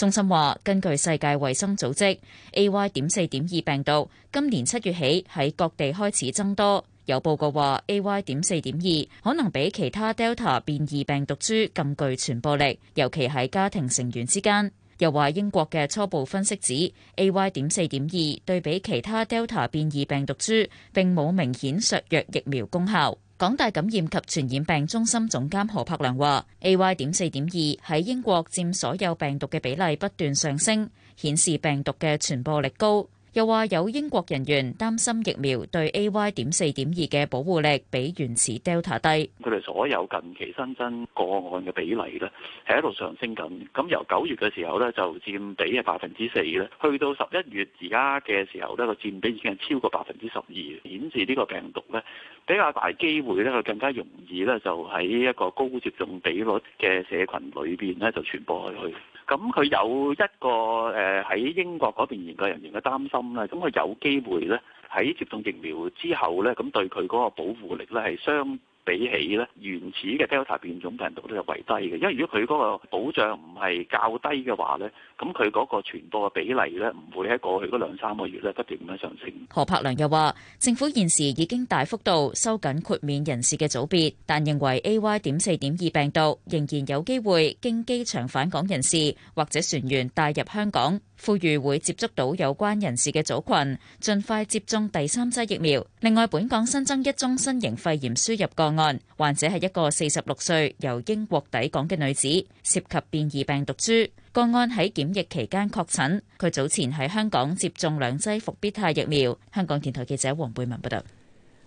中心話，根據世界衛生組織，A Y 點四點二病毒今年七月起喺各地開始增多。有報告話，A Y 點四點二可能比其他 Delta 變異病毒株更具傳播力，尤其係家庭成員之間。又話英國嘅初步分析指，A Y 點四點二對比其他 Delta 變異病毒株並冇明顯削弱疫苗功效。港大感染及傳染病中心總監何柏良話，AY 點四點二喺英國佔所有病毒嘅比例不斷上升，顯示病毒嘅傳播力高。又話有英國人員擔心疫苗對 A Y 點四點二嘅保護力比原始 Delta 低。佢哋所有近期新增個案嘅比例咧，係喺度上升緊。咁由九月嘅時候咧，就佔比係百分之四咧，去到十一月而家嘅時候咧，個佔比已經係超過百分之十二，顯示呢個病毒咧比較大機會咧，佢更加容易咧就喺一個高接種比率嘅社群裏邊咧就傳播開去。咁佢有一個誒喺、呃、英國嗰邊研究人員嘅擔心咧，咁佢有機會咧喺接種疫苗之後咧，咁對佢嗰個保護力咧係相比起咧原始嘅 Delta 變種病毒都係為低嘅，因為如果佢嗰個保障唔係較低嘅話咧，咁佢嗰個傳播嘅比例咧，唔會喺過去嗰兩三個月咧不斷咁樣上升。何柏良又話：政府現時已經大幅度收緊豁免人士嘅組別，但認為 A Y 點四點二病毒仍然有機會經機場返港人士或者船員帶入香港，呼籲會接觸到有關人士嘅組羣，盡快接種第三劑疫苗。另外，本港新增一宗新型肺炎輸入個案，患者係一個四十六歲由英國抵港嘅女子，涉及變異病毒株。個案喺檢疫期間確診，佢早前喺香港接種兩劑復必泰疫苗。香港電台記者黃貝文報道。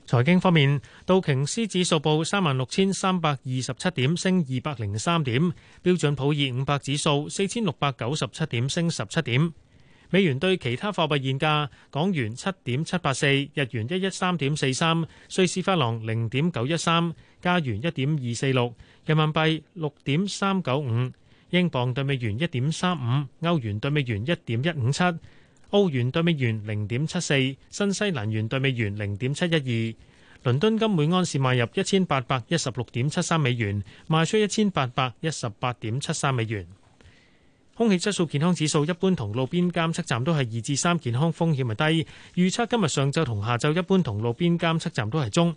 財經方面，道瓊斯指數報三萬六千三百二十七點，升二百零三點；標準普爾五百指數四千六百九十七點，升十七點。美元對其他貨幣現價：港元七點七八四，日元一一三點四三，瑞士法郎零點九一三，加元一點二四六，人民幣六點三九五。英鎊兌美元一點三五，歐元兌美元一點一五七，歐元兌美元零點七四，新西蘭元兌美元零點七一二。倫敦金每盎司買入一千八百一十六點七三美元，賣出一千八百一十八點七三美元。空氣質素健康指數一般，同路邊監測站都係二至三，健康風險係低。預測今日上晝同下晝一般，同路邊監測站都係中。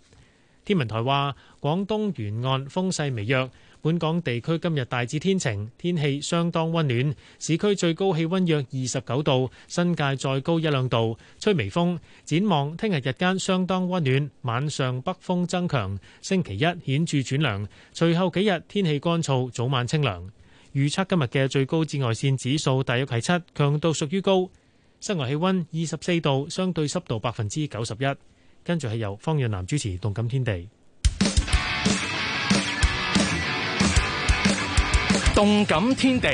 天文台話，廣東沿岸風勢微弱。本港地區今日大致天晴，天氣相當溫暖，市區最高氣溫約二十九度，新界再高一兩度，吹微風。展望聽日日間相當溫暖，晚上北風增強。星期一顯著轉涼，隨後幾日天氣乾燥，早晚清涼。預測今日嘅最高紫外線指數大約係七，強度屬於高。室外氣溫二十四度，相對濕度百分之九十一。跟住係由方若南主持《動感天地》。動感天地，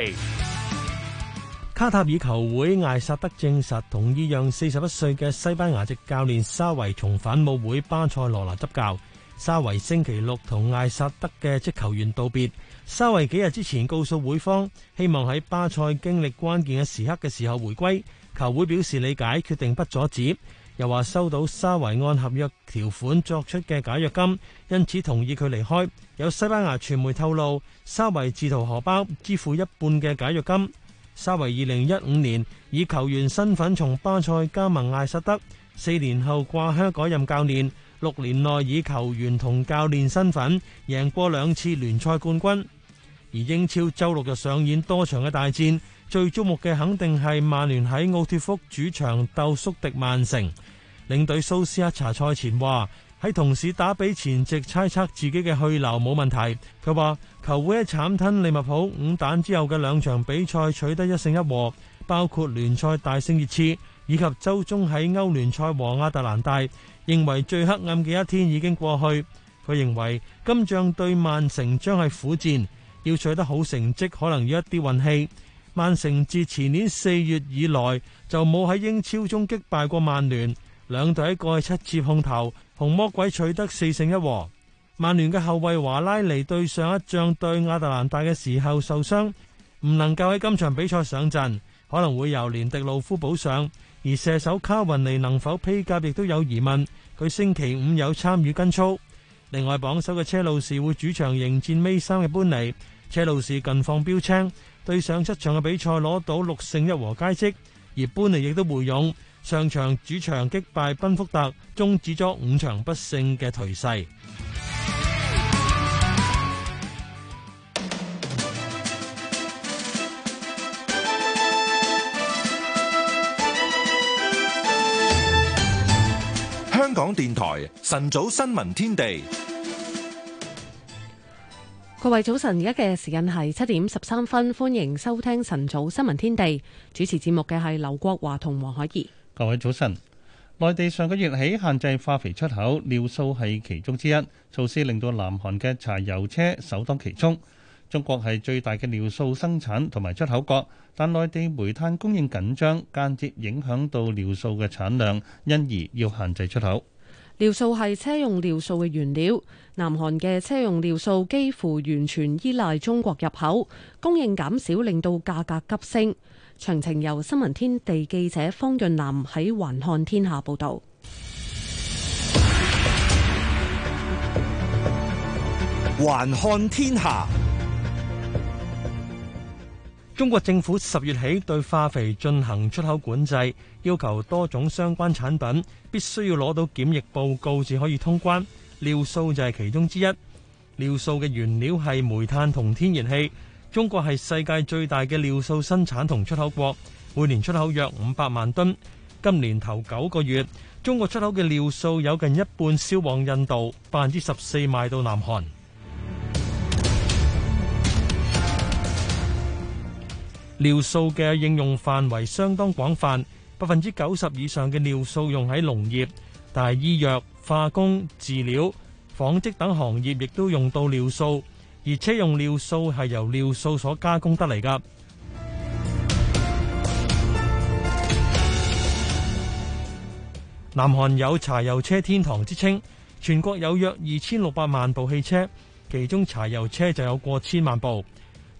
卡塔爾球會艾薩德證實同意讓四十一歲嘅西班牙籍教練沙維重返母會巴塞羅拿執教。沙維星期六同艾薩德嘅職球員道別。沙維幾日之前告訴會方，希望喺巴塞經歷關鍵嘅時刻嘅時候回歸。球會表示理解，決定不阻止。又話收到沙維按合約條款作出嘅解約金，因此同意佢離開。有西班牙傳媒透露，沙維自掏荷包支付一半嘅解約金。沙維二零一五年以球員身份從巴塞加盟艾薩德，四年後掛靴改任教練，六年內以球員同教練身份贏過兩次聯賽冠軍。而英超週六日上演多場嘅大戰。最矚目嘅肯定係曼聯喺奧脱福主場鬥宿敵曼城。領隊蘇斯克查賽前話：喺同市打比前夕，猜測自己嘅去留冇問題。佢話：球會喺慘吞利物浦五蛋之後嘅兩場比賽取得一勝一和，包括聯賽大勝熱刺以及週中喺歐聯賽和亞特蘭大。認為最黑暗嘅一天已經過去。佢認為今仗對曼城將係苦戰，要取得好成績可能要一啲運氣。曼城自前年四月以來就冇喺英超中擊敗過曼聯，兩隊喺過去七次碰頭，紅魔鬼取得四勝一和。曼聯嘅後衛華拉尼對上一仗對亞特蘭大嘅時候受傷，唔能夠喺今場比賽上陣，可能會由連迪路夫補上。而射手卡雲尼能否披甲亦都有疑問，佢星期五有參與跟操。另外，榜首嘅車路士會主場迎戰尾三嘅班尼，車路士近況標青。對上七場嘅比賽攞到六勝一和佳績，而曼聯亦都回勇，上場主場擊敗賓福特，終止咗五場不勝嘅頹勢。香港電台晨早新聞天地。各位早晨，而家嘅時間係七點十三分，歡迎收聽晨早新聞天地。主持節目嘅係劉國華同黃海怡。各位早晨，內地上個月起限制化肥出口，尿素係其中之一。措施令到南韓嘅柴油車首當其衝。中國係最大嘅尿素生產同埋出口國，但內地煤炭供應緊張，間接影響到尿素嘅產量，因而要限制出口。尿素係車用尿素嘅原料，南韓嘅車用尿素幾乎完全依賴中國入口，供應減少令到價格急升。詳情由新聞天地記者方潤南喺《環看天下》報道。環看天下，中國政府十月起對化肥進行出口管制，要求多種相關產品必須要攞到檢疫報告至可以通關，尿素就係其中之一。尿素嘅原料係煤炭同天然氣，中國係世界最大嘅尿素生產同出口國，每年出口約五百萬噸。今年頭九個月，中國出口嘅尿素有近一半銷往印度，百分之十四賣到南韓。尿素嘅應用範圍相當廣泛。百分之九十以上嘅尿素用喺農業，但係醫藥、化工、飼料、紡織等行業亦都用到尿素，而車用尿素係由尿素所加工得嚟噶。 南韓有柴油車天堂之稱，全國有約二千六百萬部汽車，其中柴油車就有過千萬部。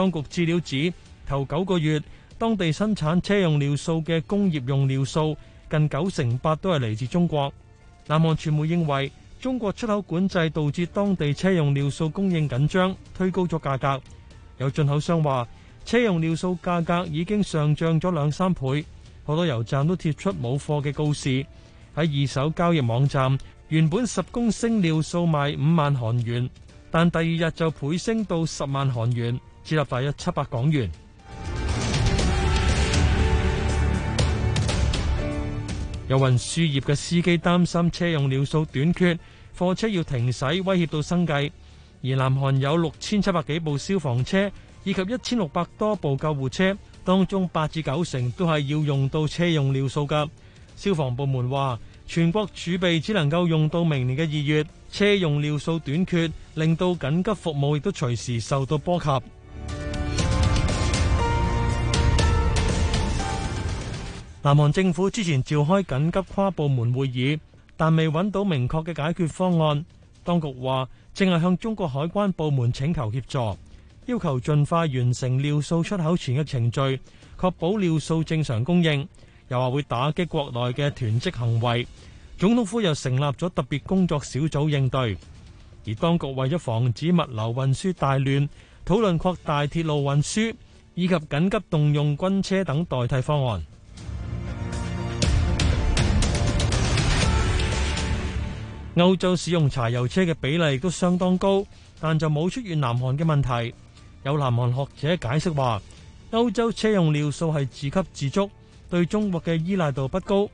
當局資料指，頭九個月，當地生產車用尿素嘅工業用尿素近九成八都係嚟自中國。南韓傳媒認為，中國出口管制導致當地車用尿素供應緊張，推高咗價格。有進口商話，車用尿素價格已經上漲咗兩三倍，好多油站都貼出冇貨嘅告示。喺二手交易網站，原本十公升尿素賣五萬韓元，但第二日就倍升到十萬韓元。設立大約七百港元。有運輸業嘅司機擔心車用尿素短缺，貨車要停駛，威脅到生計。而南韓有六千七百幾部消防車以及一千六百多部救護車，當中八至九成都係要用到車用尿素噶。消防部門話，全國儲備只能夠用到明年嘅二月，車用尿素短缺令到緊急服務亦都隨時受到波及。南韓政府之前召開緊急跨部門會議，但未揾到明確嘅解決方案。當局話，正係向中國海關部門請求協助，要求盡快完成尿素出口前嘅程序，確保尿素正常供應，又話會打擊國內嘅囤積行為。總統府又成立咗特別工作小組應對，而當局為咗防止物流運輸大亂，討論擴大鐵路運輸以及緊急動用軍車等代替方案。歐洲使用柴油車嘅比例都相當高，但就冇出現南韓嘅問題。有南韓學者解釋話，歐洲車用尿素係自給自足，對中國嘅依賴度不高。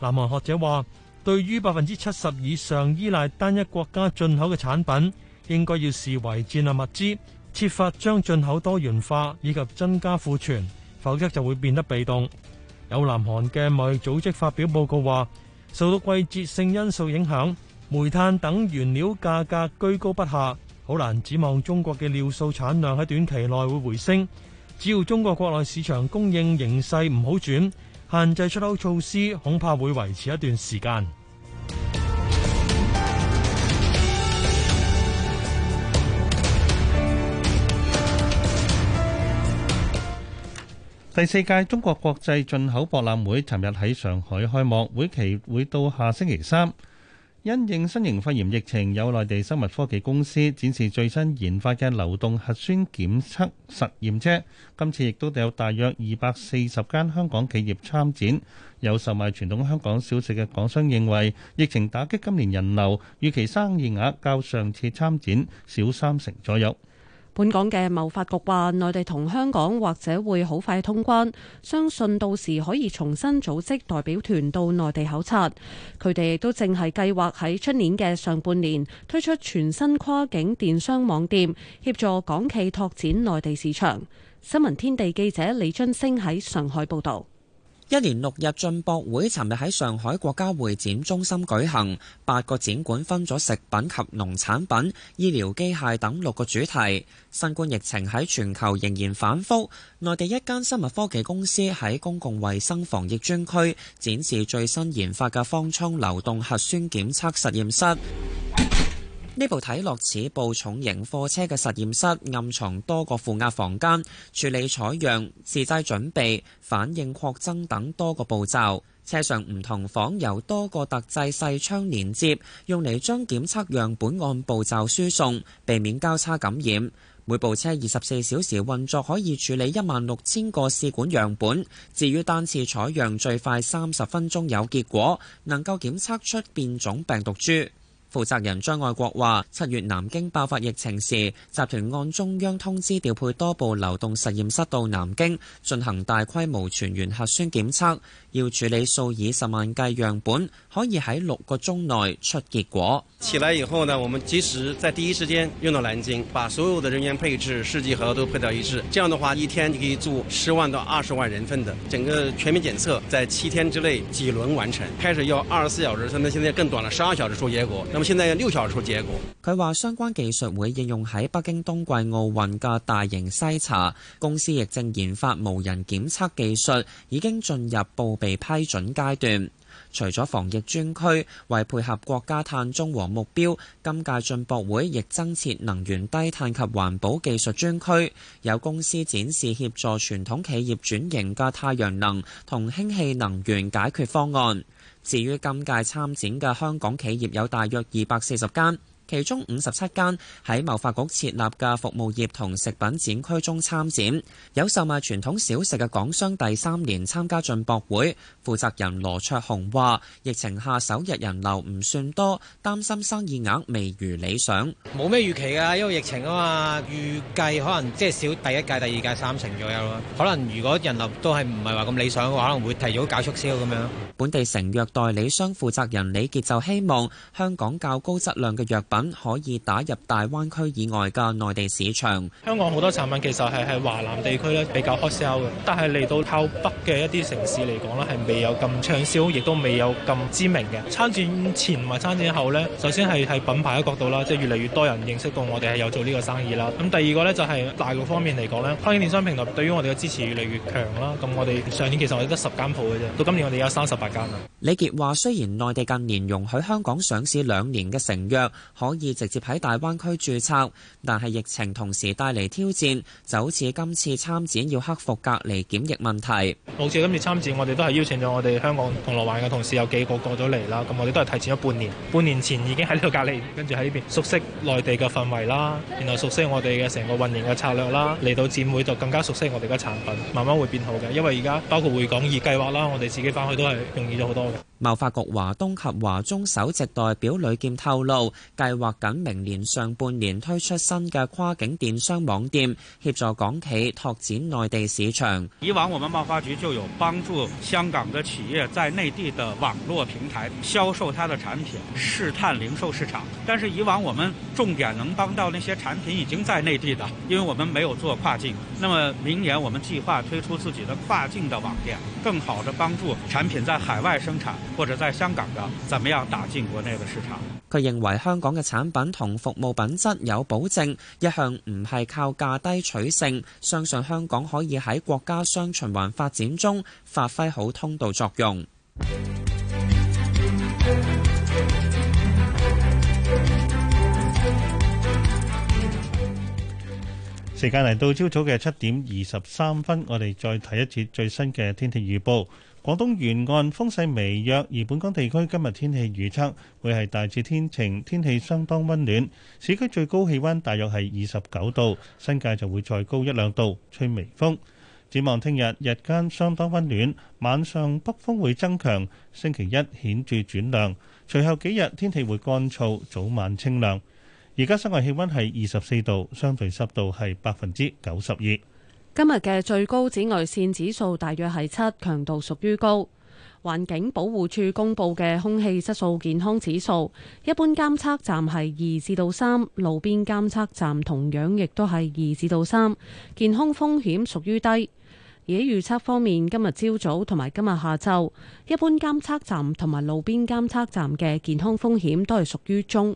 南韓學者話，對於百分之七十以上依賴單一國家進口嘅產品，應該要視為戰略物資。設法將進口多元化以及增加庫存，否則就會變得被動。有南韓嘅貿易組織發表報告話，受到季節性因素影響，煤炭等原料價格居高不下，好難指望中國嘅尿素產量喺短期內會回升。只要中國國內市場供應形勢唔好轉，限制出口措施恐怕會維持一段時間。第四屆中國國際進口博覽會尋日喺上海開幕，會期會到下星期三。因應新型肺炎疫情，有內地生物科技公司展示最新研發嘅流動核酸檢測實驗車。今次亦都有大約二百四十間香港企業參展，有售賣傳統香港小食嘅港商認為，疫情打擊今年人流，預期生意額較上次參展少三成左右。本港嘅貿發局話，內地同香港或者會好快通關，相信到時可以重新組織代表團到內地考察。佢哋亦都正係計劃喺出年嘅上半年推出全新跨境電商網店，協助港企拓展內地市場。新聞天地記者李津升喺上海報道。一連六日，進博會尋日喺上海國家會展中心舉行，八個展館分咗食品及農產品、醫療機械等六個主題。新冠疫情喺全球仍然反覆，內地一間生物科技公司喺公共衛生防疫專區展示最新研發嘅方艙流動核酸檢測實驗室。呢部睇落似部重型貨車嘅實驗室，暗藏多個負壓房間，處理採樣、自製、準備、反應、擴增等多個步驟。車上唔同房由多個特製細窗連接，用嚟將檢測樣本按步驟輸送，避免交叉感染。每部車二十四小時運作，可以處理一萬六千個試管樣本。至於單次採樣，最快三十分鐘有結果，能夠檢測出變種病毒株。負責人張愛國話：七月南京爆發疫情時，集團按中央通知調配多部流動實驗室到南京進行大規模全員核酸檢測，要處理數以十萬計樣本，可以喺六個鐘內出結果。起來以後呢，我們及時在第一時間運到南京，把所有的人員配置試劑盒都配到一致，這樣的話，一天就可以做十萬到二十萬人份的整個全面檢測，在七天之內幾輪完成，開始要二十四小時，現在現在更短了，十二小時出結果。現在有六小時出結果。佢話相關技術會應用喺北京冬季奧運嘅大型篩查。公司亦正研發無人檢測技術，已經進入報備批准階段。除咗防疫專區，為配合國家碳中和目標，今屆進博會亦增設能源低碳及環保技術專區，有公司展示協助傳統企業轉型嘅太陽能同氫氣能源解決方案。至於今屆參展嘅香港企業有大約二百四十間。其中五十七間喺貿發局設立嘅服務業同食品展區中參展，有售賣傳統小食嘅港商第三年參加進博會。負責人羅卓雄話：疫情下首日人流唔算多，擔心生意額未如理想。冇咩預期㗎，因為疫情啊嘛。預計可能即係少第一屆、第二屆三成左右咯。可能如果人流都係唔係話咁理想嘅話，可能會提早搞促銷咁樣。本地成藥代理商負責人李傑就希望香港較高質量嘅藥品。可以打入大灣區以外嘅內地市場。香港好多產品其實係喺華南地區咧比較 hot sell 嘅，但係嚟到靠北嘅一啲城市嚟講咧，係未有咁暢銷，亦都未有咁知名嘅。參展前同埋參展後呢，首先係喺品牌嘅角度啦，即係越嚟越多人認識到我哋係有做呢個生意啦。咁第二個呢，就係大陸方面嚟講呢跨境電商平台對於我哋嘅支持越嚟越強啦。咁我哋上年其實我哋得十間鋪嘅，啫，到今年我哋有三十八間啦。李傑話：雖然內地近年容許香港上市兩年嘅承約。可以直接喺大灣區註冊，但係疫情同時帶嚟挑戰，就好似今次參展要克服隔離檢疫問題。好似今次參展，我哋都係邀請咗我哋香港銅鑼灣嘅同事有幾個過咗嚟啦，咁我哋都係提前咗半年，半年前已經喺呢度隔離，跟住喺呢邊熟悉內地嘅氛圍啦，然後熟悉我哋嘅成個運營嘅策略啦，嚟到展會就更加熟悉我哋嘅產品，慢慢會變好嘅。因為而家包括回港易計劃啦，我哋自己返去都係容易咗好多嘅。貿發局華東及華中首席代表呂劍透露，計劃緊明年上半年推出新嘅跨境電商網店，協助港企拓展內地市場。以往我們貿發局就有幫助香港的企業在內地的網絡平台銷售他的產品，試探零售市場。但是以往我們重點能幫到那些產品已經在內地的，因為我們沒有做跨境。那麼明年我們計劃推出自己的跨境的網店，更好地幫助產品在海外生產，或者在香港的，怎麼樣打進國內的市場？佢認為香港嘅產品同服務品質有保證，一向唔係靠價低取勝，相信香港可以喺國家雙循環發展中發揮好通道作用。時間嚟到朝早嘅七點二十三分，我哋再睇一次最新嘅天氣預報。廣東沿岸風勢微弱，而本港地區今日天氣預測會係大致天晴，天氣相當温暖，市區最高氣温大約係二十九度，新界就會再高一兩度，吹微風。展望聽日日間相當温暖，晚上北風會增強。星期一顯著轉涼，隨後幾日天氣會乾燥，早晚清涼。而家室外氣温係二十四度，相對濕度係百分之九十二。今日嘅最高紫外線指數大約係七，強度屬於高。環境保護署公佈嘅空氣質素健康指數，一般監測站係二至到三，路邊監測站同樣亦都係二至到三，健康風險屬於低。而喺預測方面，今日朝早同埋今日下晝，一般監測站同埋路邊監測站嘅健康風險都係屬於中。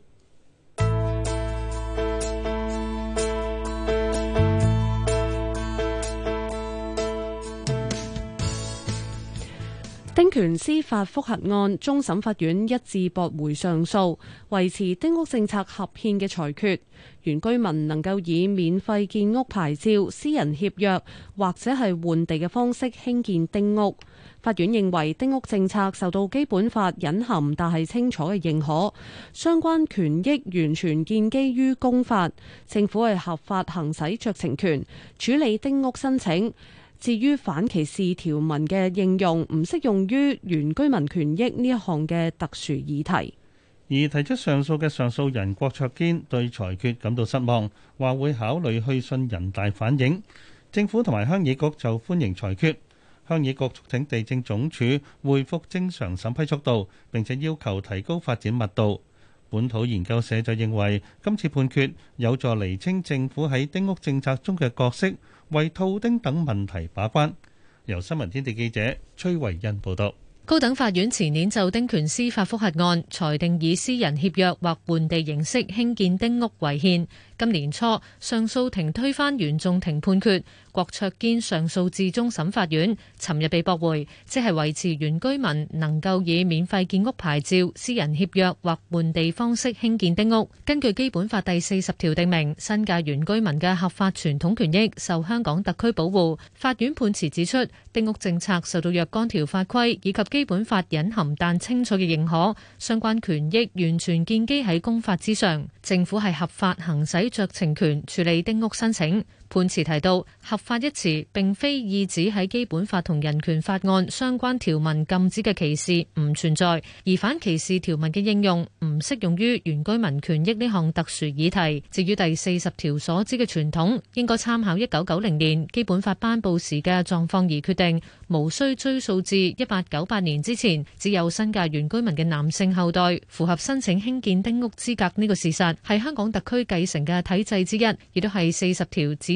丁權司法覆核案，終審法院一致駁回上訴，維持丁屋政策合憲嘅裁決。原居民能夠以免費建屋牌照、私人協約或者係換地嘅方式興建丁屋。法院認為丁屋政策受到《基本法》隱含但係清楚嘅認可，相關權益完全建基於公法，政府係合法行使酌情權處理丁屋申請。至於反歧視條文嘅應用，唔適用於原居民權益呢一項嘅特殊議題。而提出上訴嘅上訴人郭卓堅對裁決感到失望，話會考慮去信人大反映。政府同埋鄉議局就歡迎裁決。鄉議局促請地政總署恢復正常審批速度，並且要求提高發展密度。本土研究社就認為，今次判決有助釐清政府喺丁屋政策中嘅角色。為套丁等問題把關，由新聞天地記者崔維恩報道。高等法院前年就丁權司法複核案裁定，以私人協約或換地形式興建丁屋違憲。今年初，上訴庭推翻原訟庭判決，郭卓堅上訴至終審法院，尋日被駁回，即係維持原居民能夠以免費建屋牌照、私人協約或換地方式興建丁屋。根據基本法第四十條定明，新界原居民嘅合法傳統權益受香港特區保護。法院判詞指出，丁屋政策受到若干條法規以及基本法隱含但清楚嘅認可，相關權益完全建基喺公法之上，政府係合法行使酌情權處理丁屋申請。判詞提到，合法一詞並非意指喺基本法同人權法案相關條文禁止嘅歧視唔存在，而反歧視條文嘅應用唔適用於原居民權益呢項特殊議題。至於第四十條所指嘅傳統，應該參考一九九零年基本法頒布時嘅狀況而決定，無需追溯至一八九八年之前。只有新界原居民嘅男性後代符合申請興建丁屋資格呢個事實，係香港特區繼承嘅體制之一，亦都係四十條指。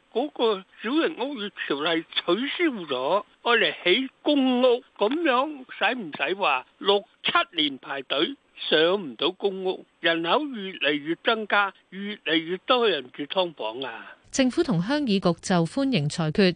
嗰個小型屋宇條例取消咗，我哋起公屋咁樣，使唔使話六七年排隊上唔到公屋？人口越嚟越增加，越嚟越多人住劏房啊！政府同鄉議局就歡迎裁決。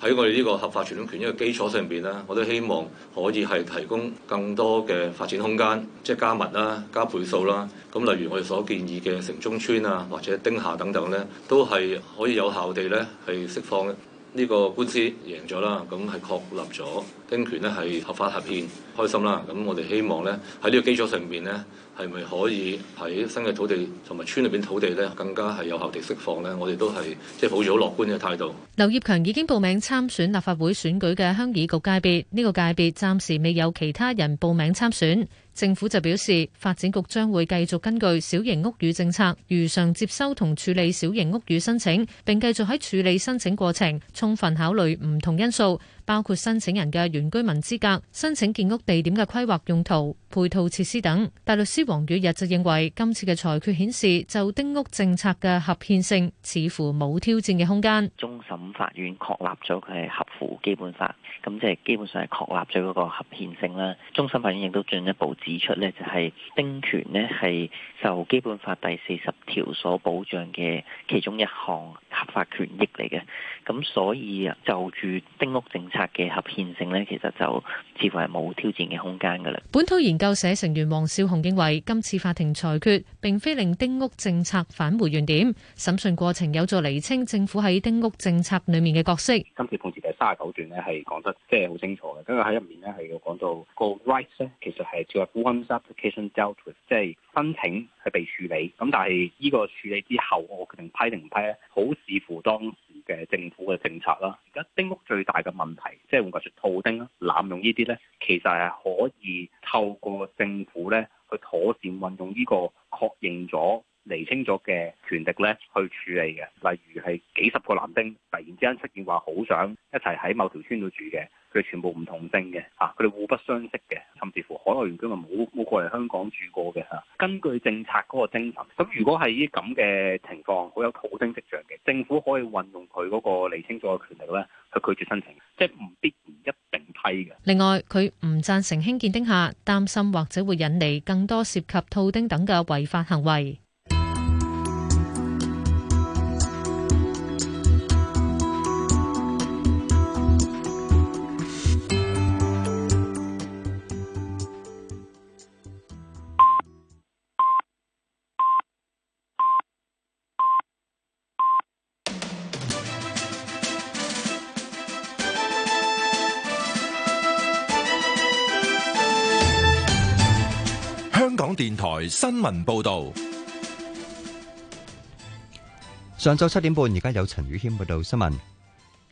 喺我哋呢個合法傳統權益嘅基礎上邊呢，我都希望可以係提供更多嘅發展空間，即係加密啦、加倍數啦。咁例如我哋所建議嘅城中村啊，或者丁下等等，呢都係可以有效地呢係釋放。呢個官司贏咗啦，咁係確立咗丁權呢係合法合憲，開心啦！咁我哋希望呢喺呢個基礎上邊呢，係咪可以喺新嘅土地同埋村裏邊土地呢更加係有效地釋放呢？我哋都係即係抱住好樂觀嘅態度。劉業強已經報名參選立法會選舉嘅鄉議局界別，呢個界別暫時未有其他人報名參選。政府就表示，發展局將會繼續根據小型屋宇政策，如常接收同處理小型屋宇申請，並繼續喺處理申請過程充分考慮唔同因素。包括申請人嘅原居民資格、申請建屋地點嘅規劃用途、配套設施等。大律師王宇日就認為今次嘅裁決顯示，就丁屋政策嘅合憲性，似乎冇挑戰嘅空間，終審法院確立咗佢係合乎基本法，咁即係基本上係確立咗嗰個合憲性啦。終審法院亦都進一步指出咧，就係丁權咧係受基本法第四十條所保障嘅其中一項。合法權益嚟嘅，咁所以啊，就住丁屋政策嘅合憲性咧，其實就似乎係冇挑戰嘅空間噶啦。本土研究社成員黃少雄認為，今次法庭裁決並非令丁屋政策返回原點，審訊過程有助釐清政府喺丁屋政策裏面嘅角色。今次判詞第三十九段咧係講得即係好清楚嘅，跟住喺入面咧係要講到個 rights 咧，其實係叫 one application dealt with，即係申請係被處理。咁但係依個處理之後，我決定批定唔批咧，好。視乎當時嘅政府嘅政策啦。而家丁屋最大嘅問題，即係換句話說，套丁濫用呢啲呢，其實係可以透過政府呢去妥善運用呢個確認咗、釐清咗嘅權力呢去處理嘅。例如係幾十個男丁突然之間出現話，好想一齊喺某條村度住嘅，佢哋全部唔同姓嘅嚇，佢、啊、哋互不相識嘅，甚至乎海外員工又冇冇過嚟香港住過嘅嚇、啊。根據政策嗰個精神，咁如果係呢啲咁嘅情況，好有套丁跡象嘅。政府可以運用佢嗰個釐清楚嘅權力咧，去拒絕申請，即係唔必然一定批嘅。另外，佢唔贊成興建丁廈，擔心或者會引嚟更多涉及套丁等嘅違法行為。港電台新聞報道：上晝七點半，而家有陳宇謙報道新聞。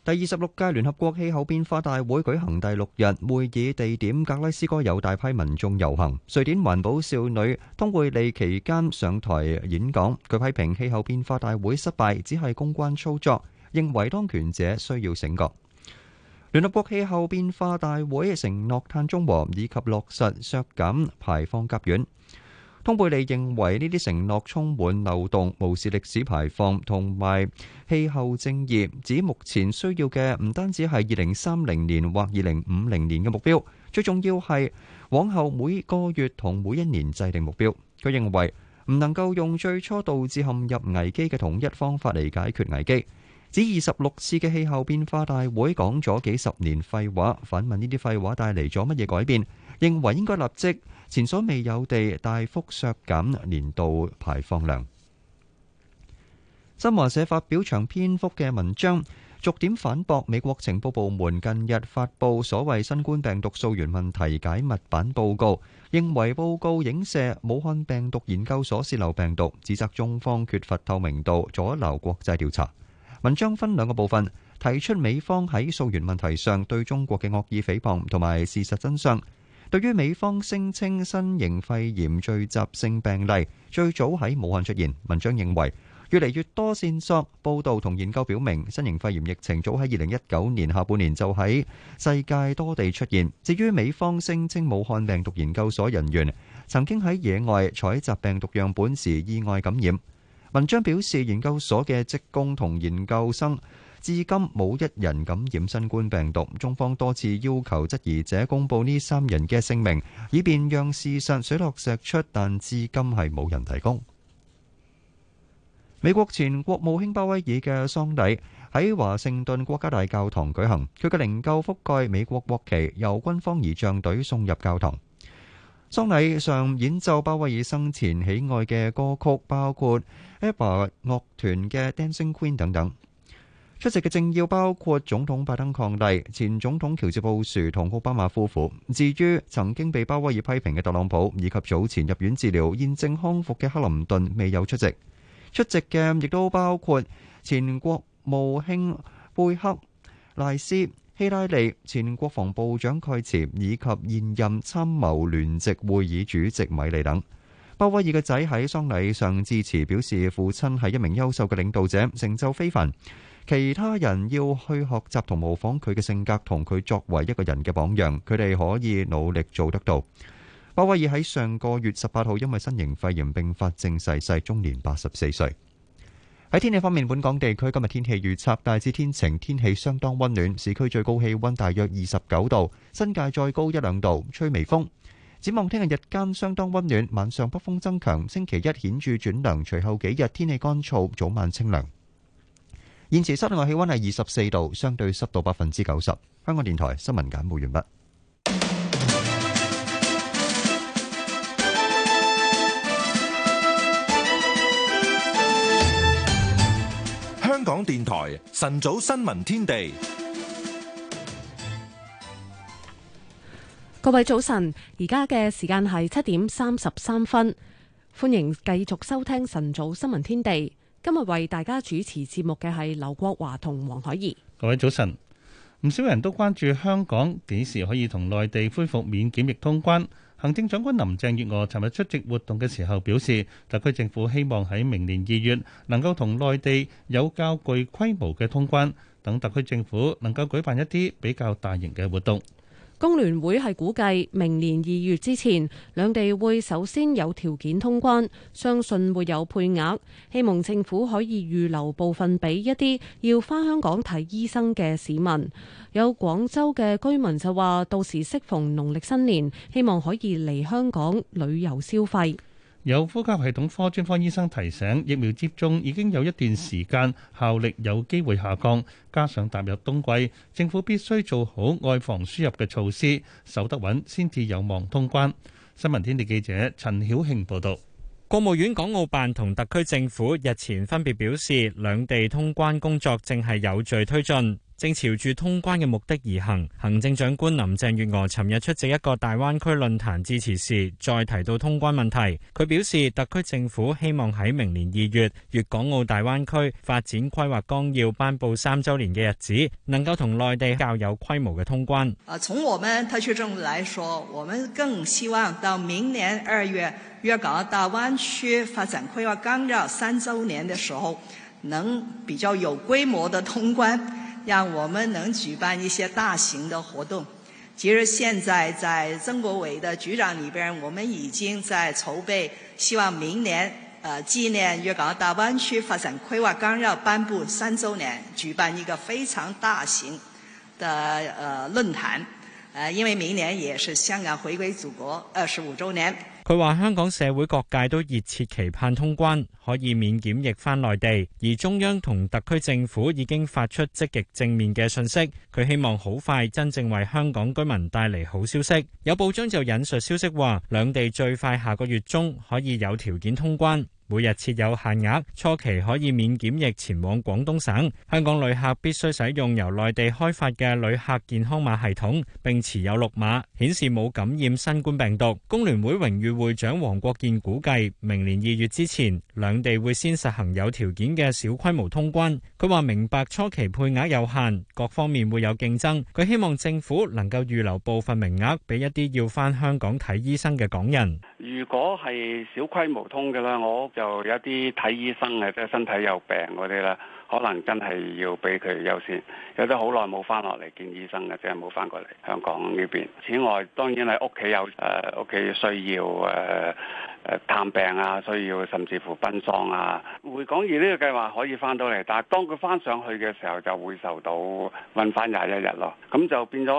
第二十六屆聯合國氣候變化大會舉行第六日會議，地點格拉斯哥有大批民眾遊行。瑞典環保少女通會利期間上台演講，佢批評氣候變化大會失敗，只係公關操作，認為當權者需要醒覺。聯合國氣候變化大會嘅承諾碳中和以及落實削減排放甲烷，通貝利認為呢啲承諾充滿漏洞，無視歷史排放同埋氣候正義，指目前需要嘅唔單止係二零三零年或二零五零年嘅目標，最重要係往後每個月同每一年制定目標。佢認為唔能夠用最初導致陷入危機嘅統一方法嚟解決危機。指二十六次嘅氣候變化大會講咗幾十年廢話，反問呢啲廢話帶嚟咗乜嘢改變，認為應該立即前所未有地大幅削減年度排放量。新華社發表長篇幅嘅文章，逐點反駁美國情報部門近日發布所謂新冠病毒溯源問題解密版報告，認為報告影射武漢病毒研究所洩漏病毒，指責中方缺乏透明度，阻撓國際調查。文章分兩個部分，提出美方喺溯源問題上對中國嘅惡意誹謗同埋事實真相。對於美方聲稱新型肺炎聚集性病例最早喺武漢出現，文章認為越嚟越多線索報導同研究表明，新型肺炎疫情早喺二零一九年下半年就喺世界多地出現。至於美方聲稱武漢病毒研究所人員曾經喺野外採集病毒樣本時意外感染。文章表示，研究所嘅職工同研究生至今冇一人感染新冠病毒。中方多次要求質疑者公布呢三人嘅姓名，以便讓事實水落石出，但至今係冇人提供。美國前國務卿鮑威爾嘅喪禮喺華盛頓國家大教堂舉行，佢嘅靈柩覆蓋美國國旗，由軍方儀仗隊送入教堂。桑禮上演奏巴威爾生前喜愛嘅歌曲，包括 e v a 樂團》嘅《Dancing Queen》等等。出席嘅政要包括總統拜登抗帝、前總統喬治布殊同奧巴馬夫婦，至於曾經被巴威爾批評嘅特朗普，以及早前入院治療、現正康復嘅克林頓未有出席。出席嘅亦都包括前國務卿貝克、賴斯。希拉里、前國防部長蓋茨以及現任參謀聯席會議主席米利等，鮑威爾嘅仔喺喪禮上致辭，表示父親係一名優秀嘅領導者，成就非凡。其他人要去學習同模仿佢嘅性格同佢作為一個人嘅榜樣，佢哋可以努力做得到。鮑威爾喺上個月十八號因為新型肺炎併發症逝世，終年八十四歲。喺天氣方面，本港地區今日天氣預測大致天晴，天氣相當溫暖，市區最高氣溫大約二十九度，新界再高一兩度，吹微風。展望聽日日間相當溫暖，晚上北風增強。星期一顯著轉涼，隨後幾日天氣乾燥，早晚清涼。現時室外氣溫係二十四度，相對濕度百分之九十。香港電台新聞簡報完畢。港電台晨早新聞天地，各位早晨，而家嘅時間係七點三十三分，歡迎繼續收聽晨早新聞天地。今日為大家主持節目嘅係劉國華同黃海怡。各位早晨，唔少人都關注香港幾時可以同內地恢復免檢疫通關。行政長官林鄭月娥尋日出席活動嘅時候表示，特區政府希望喺明年二月能夠同內地有較具規模嘅通關，等特區政府能夠舉辦一啲比較大型嘅活動。工聯會係估計明年二月之前，兩地會首先有條件通關，相信會有配額。希望政府可以預留部分俾一啲要返香港睇醫生嘅市民。有廣州嘅居民就話，到時適逢農曆新年，希望可以嚟香港旅遊消費。有呼吸系統科專科醫生提醒，疫苗接種已經有一段時間，效力有機會下降，加上踏入冬季，政府必須做好外防輸入嘅措施，守得穩先至有望通關。新聞天地記者陳曉慶報道，國務院港澳辦同特區政府日前分別表示，兩地通關工作正係有序推進。正朝住通關嘅目的而行。行政長官林鄭月娥尋日出席一個大灣區論壇致辭時再提到通關問題，佢表示，特區政府希望喺明年二月，粵港澳大灣區發展規劃綱要頒布三周年嘅日子，能夠同內地較有規模嘅通關。啊，從我們特區政府來說，我們更希望到明年二月，粵港澳大灣區發展規劃綱要三周年嘅時候，能比較有規模的通關。讓我們能舉辦一些大型的活動，其實現在在曾國偉的局長裏邊，我們已經在籌備，希望明年，呃，紀念粵港澳大灣區發展規劃綱要頒布三周年，舉辦一個非常大型的呃論壇，呃，因為明年也是香港回歸祖國二十五周年。佢話：香港社會各界都熱切期盼通關，可以免檢疫返內地，而中央同特區政府已經發出積極正面嘅訊息。佢希望好快真正為香港居民帶嚟好消息。有報章就引述消息話，兩地最快下個月中可以有條件通關。每日設有限額，初期可以免檢疫前往廣東省。香港旅客必須使用由內地開發嘅旅客健康碼系統，並持有綠碼，顯示冇感染新冠病毒。工聯會榮譽會長黃國健估計，明年二月之前兩地會先實行有條件嘅小規模通關。佢話：明白初期配額有限，各方面會有競爭。佢希望政府能夠預留部分名額俾一啲要返香港睇醫生嘅港人。如果係小規模通嘅啦，我就有啲睇醫生嘅，即係身體有病嗰啲咧，可能真係要俾佢優先。有啲好耐冇翻落嚟見醫生嘅，即係冇翻過嚟香港呢邊。此外，當然喺屋企有誒屋企需要誒誒探病啊，需要甚至乎奔喪啊，回港易呢個計劃可以翻到嚟，但係當佢翻上去嘅時候就會受到困翻廿一日咯。咁就變咗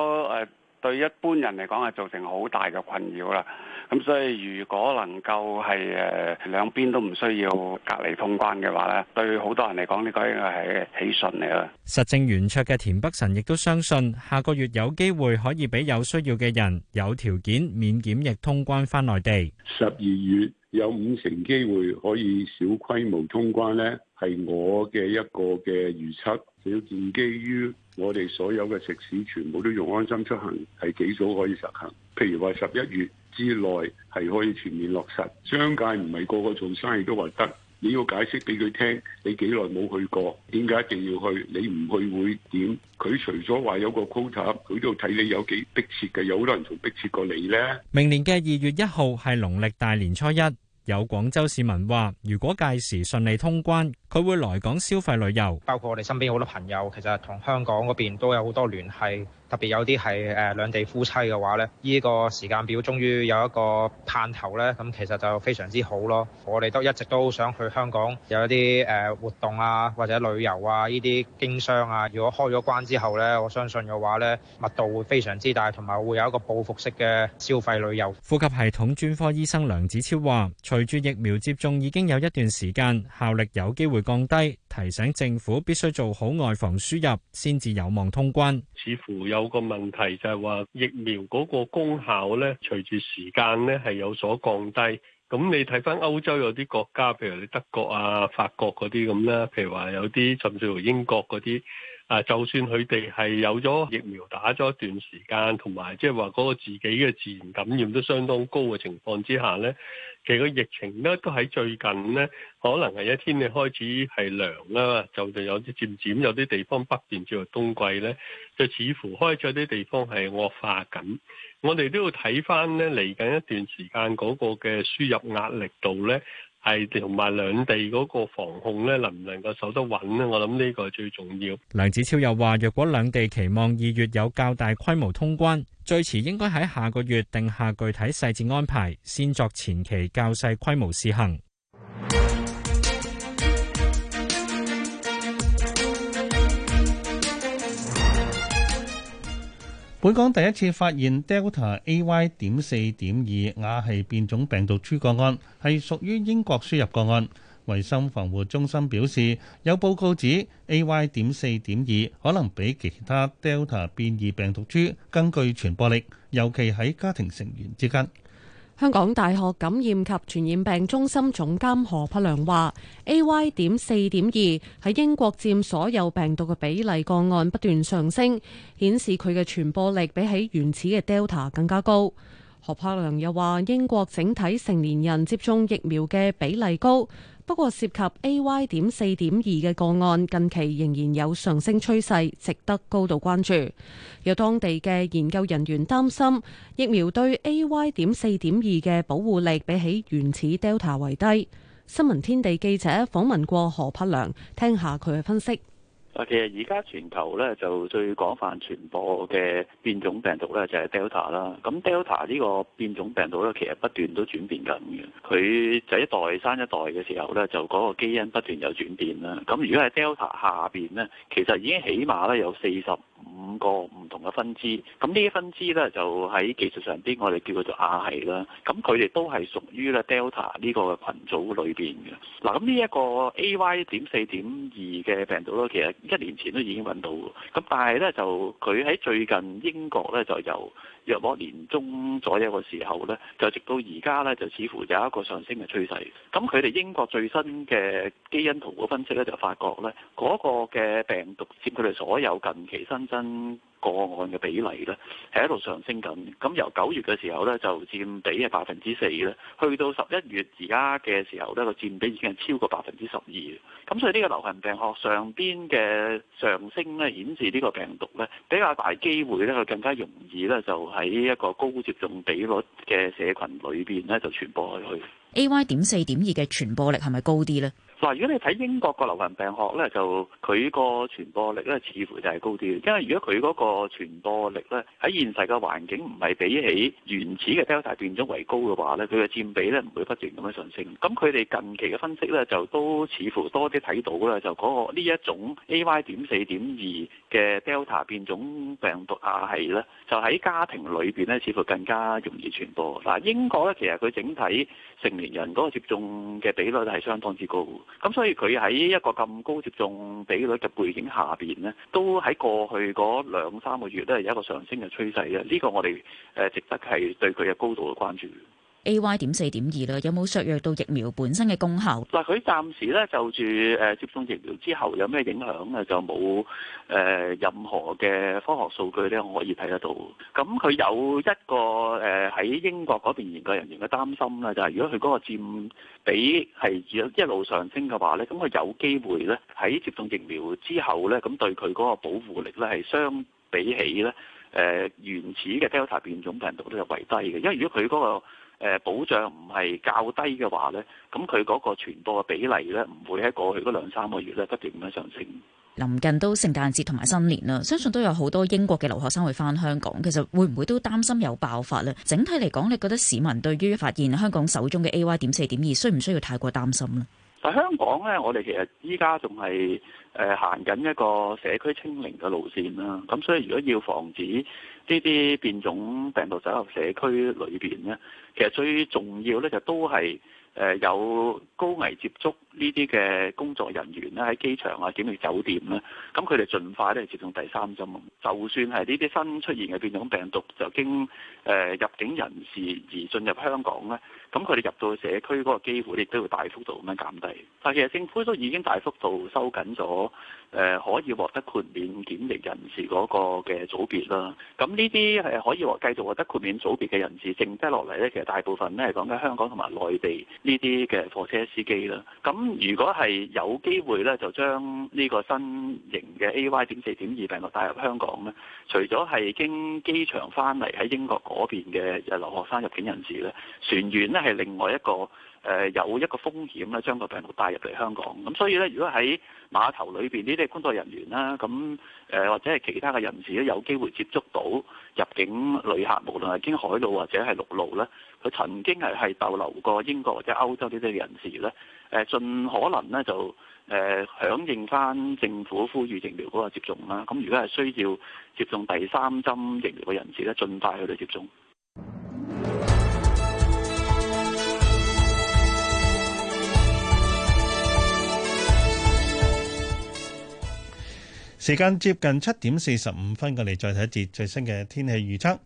誒對一般人嚟講係造成好大嘅困擾啦。咁所以如果能夠係誒兩邊都唔需要隔離通關嘅話咧，對好多人嚟講，呢個應該係喜訊嚟啦。實政圓桌嘅田北辰亦都相信，下個月有機會可以俾有需要嘅人有條件免檢疫通關翻內地。十二月有五成機會可以小規模通關咧，係我嘅一個嘅預測，主要建基於我哋所有嘅食肆全部都用安心出行係幾早可以實行，譬如話十一月。之內係可以全面落實，商界唔係個個做生意都話得，你要解釋俾佢聽，你幾耐冇去過，點解一定要去？你唔去會點？佢除咗話有個 quota，佢都睇你有幾迫切嘅，有好多人仲迫切過你咧。明年嘅二月一號係農曆大年初一，有廣州市民話如果屆時順利通關，佢會來港消費旅遊，包括我哋身邊好多朋友，其實同香港嗰邊都有好多聯繫。特別有啲係誒兩地夫妻嘅話呢，呢個時間表終於有一個盼頭呢，咁其實就非常之好咯。我哋都一直都想去香港有一啲誒活動啊，或者旅遊啊，呢啲經商啊。如果開咗關之後呢，我相信嘅話呢，密度會非常之大，同埋會有一個報復式嘅消費旅遊。呼吸系統專科醫生梁子超話，隨住疫苗接種已經有一段時間，效力有機會降低。提醒政府必須做好外防輸入，先至有望通關。似乎有個問題就係話疫苗嗰個功效咧，隨住時間咧係有所降低。咁你睇翻歐洲有啲國家，譬如你德國啊、法國嗰啲咁咧，譬如話有啲甚至乎英國嗰啲啊，就算佢哋係有咗疫苗打咗一段時間，同埋即係話嗰個自己嘅自然感染都相當高嘅情況之下咧。其實疫情咧都喺最近咧，可能係一天氣開始係涼啦，就就有啲漸漸有啲地方不斷轉入冬季咧，就似乎開咗啲地方係惡化緊。我哋都要睇翻咧嚟緊一段時間嗰個嘅輸入壓力度咧。同埋兩地嗰個防控呢，能唔能夠守得穩呢？我諗呢個最重要。梁子超又話，若果兩地期望二月有較大規模通關，最遲應該喺下個月定下具體細節安排，先作前期較細規模試行。本港第一次發現 Delta AY. 點四點二亞系變種病毒株個案，係屬於英國輸入個案。衞生防護中心表示，有報告指 AY. 點四點二可能比其他 Delta 變異病毒株更具傳播力，尤其喺家庭成員之間。香港大學感染及傳染病中心總監何柏良話：AY 點四點二喺英國佔所有病毒嘅比例，個案不斷上升，顯示佢嘅傳播力比起原始嘅 Delta 更加高。何柏良又話：英國整體成年人接種疫苗嘅比例高。不過，涉及 AY 點四點二嘅個案，近期仍然有上升趨勢，值得高度關注。有當地嘅研究人員擔心，疫苗對 AY 點四點二嘅保護力比起原始 Delta 為低。新聞天地記者訪問過何柏良，聽下佢嘅分析。啊，其實而家全球咧，就最廣泛傳播嘅變種病毒咧，就係 Delta 啦。咁 Delta 呢個變種病毒咧，其實不斷都轉變緊嘅。佢就一代生一代嘅時候咧，就嗰個基因不斷有轉變啦。咁如果係 Delta 下邊咧，其實已經起碼咧有四十五個唔同嘅分支，咁呢啲分支咧就喺技術上邊，我哋叫佢做亞系啦。咁佢哋都係屬於咧 Delta 呢個群組裏邊嘅。嗱，咁呢一個 AY. 點四點二嘅病毒咧，其實一年前都已經揾到嘅。咁但係咧就佢喺最近英國咧就由。若約莫年中左右嘅時候呢就直到而家呢，就似乎有一個上升嘅趨勢。咁佢哋英國最新嘅基因圖譜分析呢，就發覺呢嗰、嗰個嘅病毒佔佢哋所有近期新增。個案嘅比例咧，係喺度上升緊。咁由九月嘅時候咧，就佔比係百分之四咧，去到十一月而家嘅時候咧，個佔比已經係超過百分之十二。咁所以呢個流行病學上邊嘅上升咧，顯示呢個病毒咧比較大機會咧，佢更加容易咧就喺一個高接種比率嘅社群裏邊咧就傳播開去。AY 點四點二嘅傳播力係咪高啲咧？嗱，如果你睇英國個流行病學咧，就佢個傳播力咧，似乎就係高啲。因為如果佢嗰個傳播力咧，喺現時嘅環境唔係比起原始嘅 Delta 變種為高嘅話咧，佢嘅佔比咧唔會不斷咁樣上升。咁佢哋近期嘅分析咧，就都似乎多啲睇到咧，就嗰個呢一種 A.Y. 點四點二嘅 Delta 變種病毒啊，係咧就喺家庭裏邊咧，似乎更加容易傳播。嗱，英國咧其實佢整體成年人嗰個接種嘅比率係相當之高。咁所以佢喺一個咁高接種比率嘅背景下邊咧，都喺過去嗰兩三個月咧，係有一個上升嘅趨勢嘅。呢個我哋誒值得係對佢嘅高度嘅關注。A.Y. 點四點二啦，有冇削弱到疫苗本身嘅功效？嗱，佢暫時咧就住誒接種疫苗之後有咩影響咧，就冇誒、呃、任何嘅科學數據咧，我可以睇得到。咁佢有一個誒喺、呃、英國嗰邊研究人員嘅擔心咧，就係、係、如果佢嗰個佔比係一路上升嘅話咧，咁佢有機會咧喺接種疫苗之後咧，咁對佢嗰個保護力咧係相比起咧誒、呃、原始嘅 Delta 變種病毒都係為低嘅，因為如果佢嗰、嗰個。誒保障唔係較低嘅話咧，咁佢嗰個傳播嘅比例咧，唔會喺過去嗰兩三個月咧不斷咁樣上升。臨近都聖誕節同埋新年啦，相信都有好多英國嘅留學生會返香港。其實會唔會都擔心有爆發咧？整體嚟講，你覺得市民對於發現香港手中嘅 A Y 點四點二，需唔需要太過擔心咧？但香港咧，我哋其實依家仲係誒行緊一個社區清零嘅路線啦。咁所以如果要防止，呢啲變種病毒走入社區裏邊咧，其實最重要咧就都係誒有高危接觸呢啲嘅工作人員啦，喺機場啊、檢疫酒店酒店啦，咁佢哋儘快咧接種第三針。就算係呢啲新出現嘅變種病毒就經誒、呃、入境人士而進入香港咧。啊咁佢哋入到社區嗰個機會，亦都會大幅度咁樣減低。但係其實政府都已經大幅度收緊咗，誒、呃、可以獲得豁免檢疫人士嗰個嘅組別啦。咁呢啲係可以話繼續獲得豁免組別嘅人士，剩低落嚟咧，其實大部分咧係講緊香港同埋內地呢啲嘅貨車司機啦。咁如果係有機會咧，就將呢個新型嘅 A.Y. 點四點二病毒帶入香港咧，除咗係經機場翻嚟喺英國嗰邊嘅留學生入境人士咧，船員。係另外一個誒，有一個風險咧，將個病毒帶入嚟香港。咁所以咧，如果喺碼頭裏邊呢啲工作人員啦，咁誒或者係其他嘅人士咧，有機會接觸到入境旅客，無論係經海路或者係陸路咧，佢曾經係係逗留過英國或者歐洲呢啲嘅人士咧，誒盡可能咧就誒響應翻政府呼籲疫苗嗰個接種啦。咁如果係需要接種第三針疫苗嘅人士咧，盡快去到接種。時間接近七點四十五分，我哋再睇一節最新嘅天氣預測。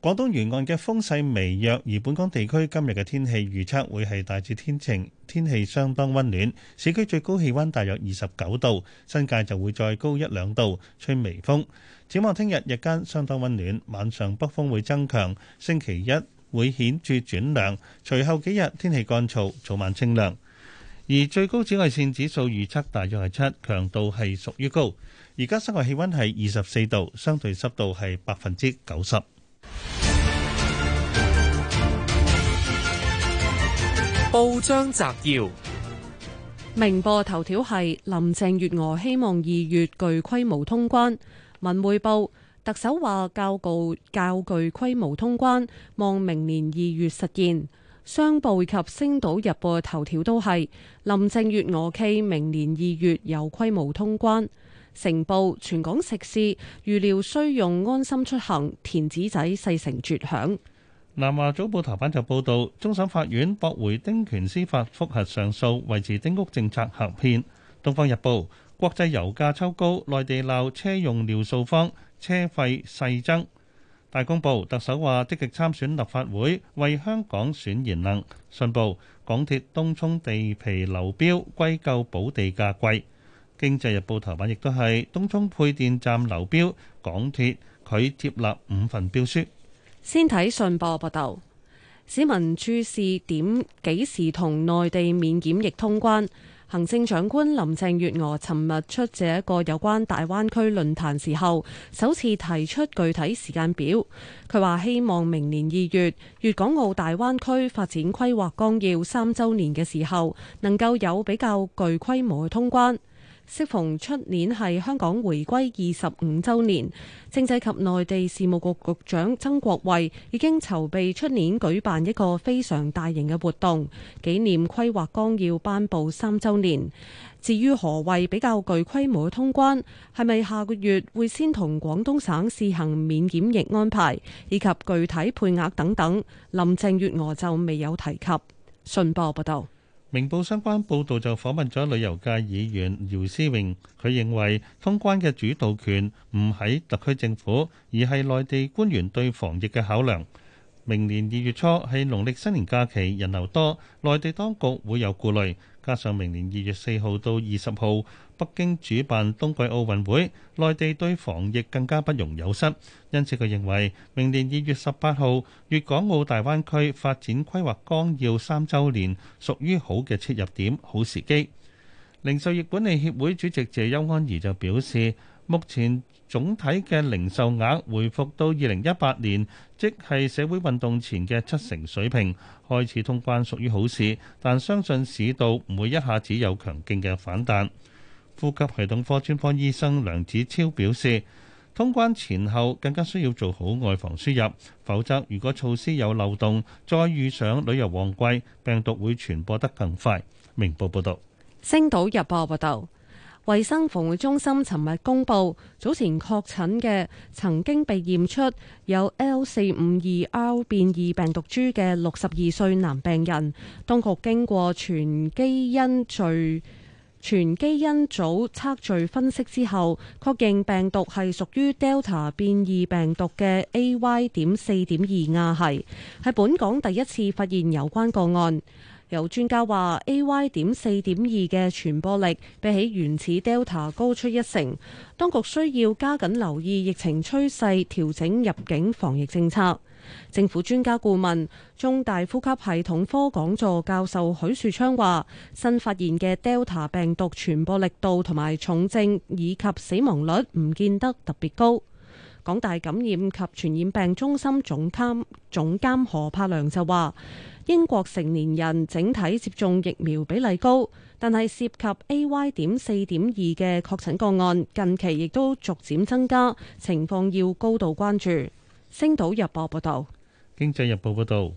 廣東沿岸嘅風勢微弱，而本港地區今日嘅天氣預測會係大致天晴，天氣相當溫暖，市區最高氣溫大約二十九度，新界就會再高一兩度，吹微風。展望聽日日間相當溫暖，晚上北風會增強，星期一會顯著轉涼，隨後幾日天氣乾燥，早晚清涼。而最高紫外線指數預測大約係七，強度係屬於高。而家室外氣溫係二十四度，相對濕度係百分之九十。報章摘要：明報頭條係林鄭月娥希望二月具規模通關。文匯報特首話教告較具規模通關，望明年二月實現。商報及星島日報嘅頭條都係林鄭月娥期明年二月有規模通關。成報：全港食肆預料需用安心出行，填紙仔勢成絕響。南華早報頭版就報導，終審法院駁回丁權司法覆核上訴，維持丁屋政策合憲。《東方日報》：國際油價抽高，內地鬧車用尿素荒，車費勢增。《大公報》：特首話積極參選立法會，為香港選賢能。信報：港鐵東涌地皮流標，歸咎補地價貴。《經濟日報》頭版亦都係東涌配電站流標，港鐵佢接納五份標書。先睇信報報道，市民注視點幾時同內地免檢疫通關？行政長官林鄭月娥尋日出席一個有關大灣區論壇時候，首次提出具體時間表。佢話希望明年二月，粵港澳大灣區發展規劃綱要三週年嘅時候，能夠有比較具規模嘅通關。適逢出年係香港回歸二十五週年，政制及內地事務局局長曾國衛已經籌備出年舉辦一個非常大型嘅活動，紀念規劃綱要頒布三週年。至於何謂比較具規模嘅通關，係咪下個月會先同廣東省試行免檢疫安排，以及具體配額等等，林鄭月娥就未有提及。信報報道。明報相關報導就訪問咗旅遊界議員姚思榮，佢認為通關嘅主導權唔喺特區政府，而係內地官員對防疫嘅考量。明年二月初係農曆新年假期，人流多，內地當局會有顧慮，加上明年二月四號到二十號，北京主辦冬季奧運會，內地對防疫更加不容有失，因此佢認為明年二月十八號粵港澳大灣區發展規劃綱要三周年屬於好嘅切入點、好時機。零售業管理協會主席謝邱安儀就表示，目前總體嘅零售額回復到二零一八年，即係社會運動前嘅七成水平，開始通關屬於好事，但相信市道唔會一下子有強勁嘅反彈。呼吸系統科專科醫生梁子超表示，通關前後更加需要做好外防輸入，否則如果措施有漏洞，再遇上旅遊旺季，病毒會傳播得更快。明報報導，星島日報報道：「衞生防護中心尋日公布，早前確診嘅曾經被驗出有 L 四五二 R 變異病毒株嘅六十二歲男病人，當局經過全基因序。全基因組測序分析之後，確認病毒係屬於 Delta 變異病毒嘅 AY 點四點二亞系，係本港第一次發現有關個案。有專家話，AY 點四點二嘅傳播力比起原始 Delta 高出一成，當局需要加緊留意疫情趨勢，調整入境防疫政策。政府專家顧問、中大呼吸系統科講座教授許樹昌話：新發現嘅 Delta 病毒傳播力度同埋重症以及死亡率唔見得特別高。港大感染及傳染病中心總監總監何柏良就話：英國成年人整體接種疫苗比例高，但係涉及 AY 點四點二嘅確診個案近期亦都逐漸增加，情況要高度關注。星島日報報道，經濟日報報道，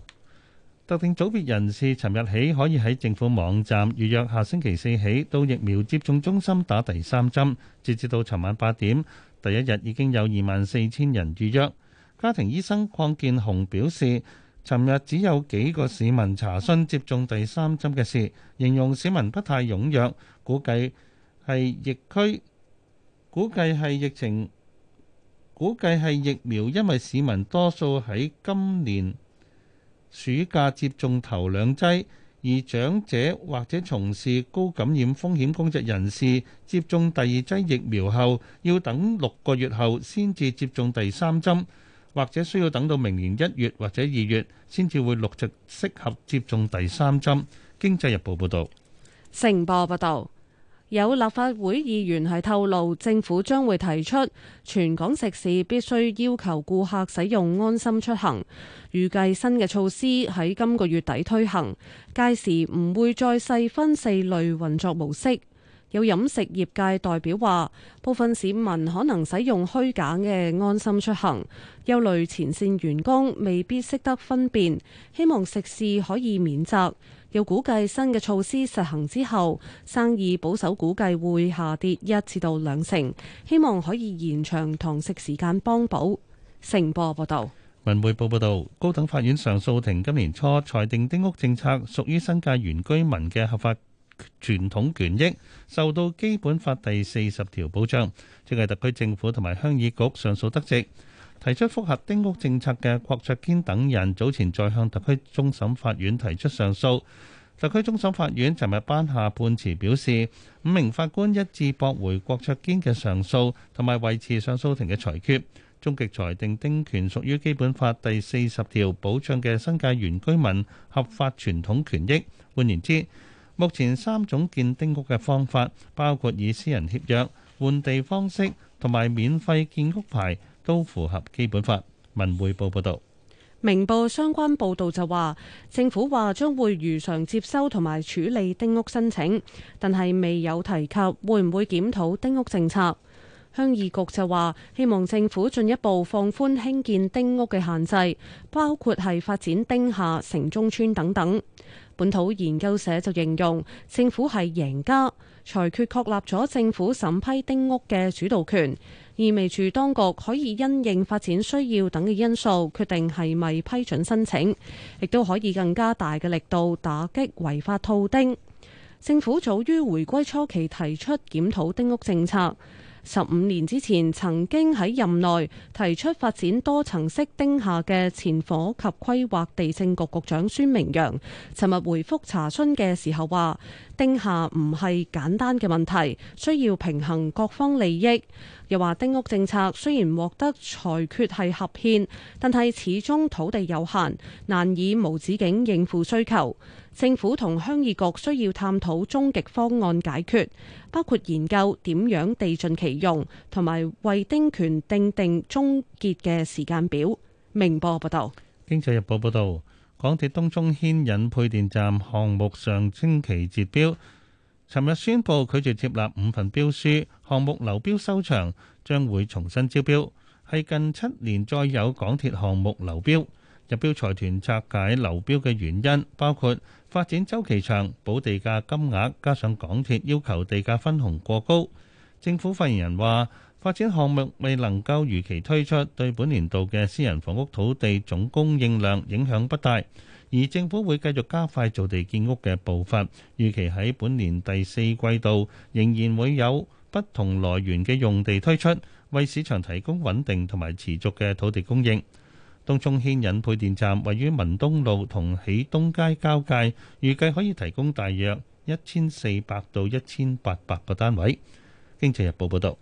特定組別人士尋日起可以喺政府網站預約，下星期四起到疫苗接種中心打第三針。截至到尋晚八點，第一日已經有二萬四千人預約。家庭醫生鄺建雄表示，尋日只有幾個市民查詢接種第三針嘅事，形容市民不太踊躍，估計係疫區，估計係疫情。估計係疫苗，因為市民多數喺今年暑假接種頭兩劑，而長者或者從事高感染風險工作人士接種第二劑疫苗後，要等六個月後先至接種第三針，或者需要等到明年一月或者二月先至會陸續適合接種第三針。經濟日報報導，星報報道。有立法會議員係透露，政府將會提出全港食肆必須要求顧客使用安心出行，預計新嘅措施喺今個月底推行。屆時唔會再細分四類運作模式。有飲食業界代表話，部分市民可能使用虛假嘅安心出行，憂慮前線員工未必識得分辨，希望食肆可以免責。又估計新嘅措施實行之後，生意保守估計會下跌一至到兩成。希望可以延長堂食時間，幫補。成報報道，文匯報報道，高等法院上訴庭今年初裁定丁屋政策屬於新界原居民嘅合法傳統權益，受到基本法第四十條保障。即係特區政府同埋鄉議局上訴得直。提出複核丁屋政策嘅郭卓堅等人早前再向特區終審法院提出上訴，特區終審法院尋日頒下判詞表示，五名法官一致駁回郭卓堅嘅上訴同埋維持上訴庭嘅裁決，終極裁定丁權屬於基本法第四十條保障嘅新界原居民合法傳統權益。換言之，目前三種建丁屋嘅方法，包括以私人協約換地方式，同埋免費建屋牌。都符合基本法。文匯報報道，明報相關報道就話，政府話將會如常接收同埋處理丁屋申請，但係未有提及會唔會檢討丁屋政策。鄉議局就話，希望政府進一步放寬興建丁屋嘅限制，包括係發展丁下、城中村等等。本土研究社就形容，政府係贏家，裁決確立咗政府審批丁屋嘅主導權。意味住，當局可以因應發展需要等嘅因素，決定係咪批准申請，亦都可以更加大嘅力度打擊違法套丁。政府早於回歸初期提出檢討丁屋政策，十五年之前曾經喺任內提出發展多層式丁廈嘅前房屋及規劃地政局局長孫明揚，尋日回覆查詢嘅時候話。丁下唔係簡單嘅問題，需要平衡各方利益。又話丁屋政策雖然獲得裁決係合憲，但係始終土地有限，難以無止境應付需求。政府同鄉議局需要探討終極方案解決，包括研究點樣地盡其用，同埋為丁權定定終結嘅時間表。明報報道，《經濟日報》報道。港鐵東涌牽引配電站項目上星期截標，尋日宣布拒絕接納五份標書，項目流標收場，將會重新招標。係近七年再有港鐵項目流標，入標財團拆解流標嘅原因包括發展周期長、補地價金額，加上港鐵要求地價分紅過高。政府發言人話。發展項目未能夠如期推出，對本年度嘅私人房屋土地總供應量影響不大。而政府會繼續加快造地建屋嘅步伐，預期喺本年第四季度仍然會有不同來源嘅用地推出，為市場提供穩定同埋持續嘅土地供應。東涌牽引配電站位於文東路同喜東街交界，預計可以提供大約一千四百到一千八百個單位。經濟日報報導。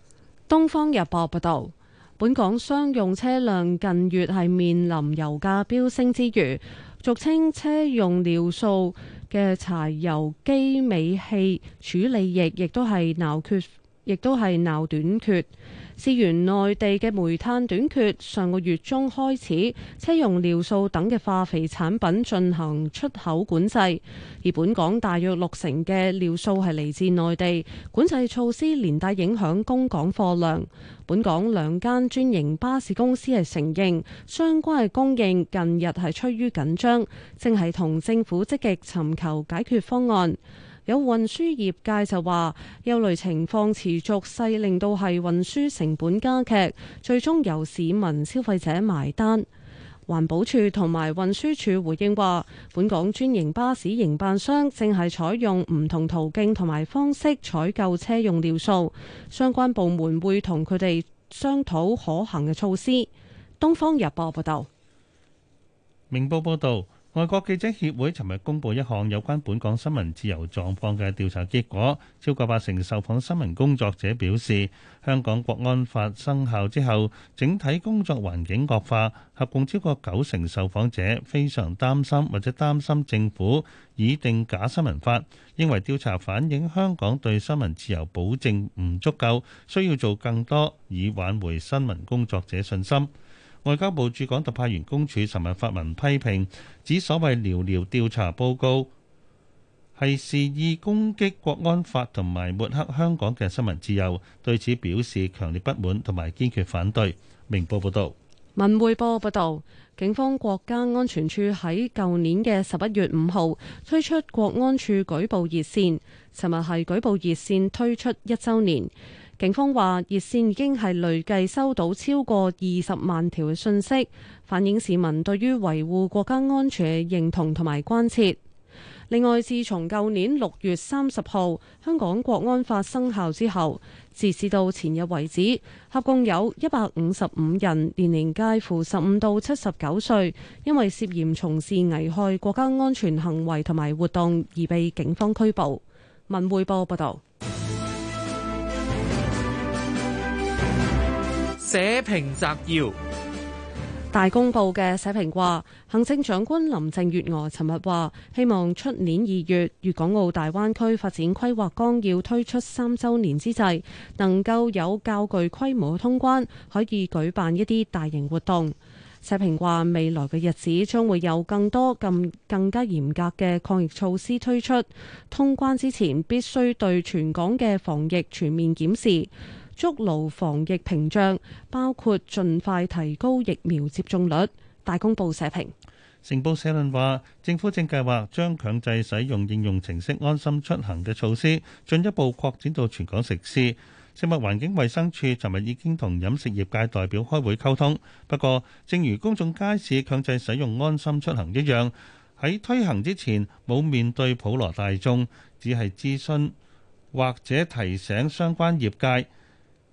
《東方日報》報道，本港商用車輛近月係面臨油價飆升之餘，俗稱車用尿素嘅柴油機尾氣處理液亦都係鬧缺，亦都係鬧短缺。是源內地嘅煤炭短缺，上個月中開始，車用尿素等嘅化肥產品進行出口管制。而本港大約六成嘅尿素係嚟自內地，管制措施連帶影響供港貨量。本港兩間專營巴士公司係承認，相關嘅供應近日係趨於緊張，正係同政府積極尋求解決方案。有運輸業界就話，憂慮情況持續細，勢令到係運輸成本加劇，最終由市民消費者埋單。環保署同埋運輸署回應話，本港專營巴士營辦商正係採用唔同途徑同埋方式採購車用尿素，相關部門會同佢哋商討可行嘅措施。東方日報報道。明報報導。外國記者協會尋日公布一項有關本港新聞自由狀況嘅調查結果，超過八成受訪新聞工作者表示，香港國安法生效之後，整體工作環境惡化，合共超過九成受訪者非常擔心或者擔心政府擬定假新聞法，認為調查反映香港對新聞自由保證唔足夠，需要做更多以挽回新聞工作者信心。外交部駐港特派員公署尋日發文批評，指所謂寥寥調查報告係肆意攻擊國安法同埋抹黑香港嘅新聞自由，對此表示強烈不滿同埋堅決反對。明報報道：「文匯報報道，警方國家安全處喺舊年嘅十一月五號推出國安處舉報熱線，尋日係舉報熱線推出一週年。警方話熱線已經係累計收到超過二十萬條嘅信息，反映市民對於維護國家安全嘅認同同埋關切。另外，自從舊年六月三十號香港國安法生效之後，直至到前日為止，合共有一百五十五人，年齡介乎十五到七十九歲，因為涉嫌從事危害國家安全行為同埋活動而被警方拘捕。文匯報報道。社評摘要：大公報嘅社評話，行政長官林鄭月娥尋日話，希望出年二月粵港澳大灣區發展規劃綱要推出三周年之際，能夠有較具規模嘅通關，可以舉辦一啲大型活動。社評話，未來嘅日子將會有更多更更加嚴格嘅抗疫措施推出，通關之前必須對全港嘅防疫全面檢視。築牢防疫屏障，包括盡快提高疫苗接種率。大公報社評。成報社論話，政府正計劃將強制使用應用程式安心出行嘅措施進一步擴展到全港食肆。食物環境衛生署尋日已經同飲食業界代表開會溝通。不過，正如公眾街市強制使用安心出行一樣，喺推行之前冇面對普羅大眾，只係諮詢或者提醒相關業界。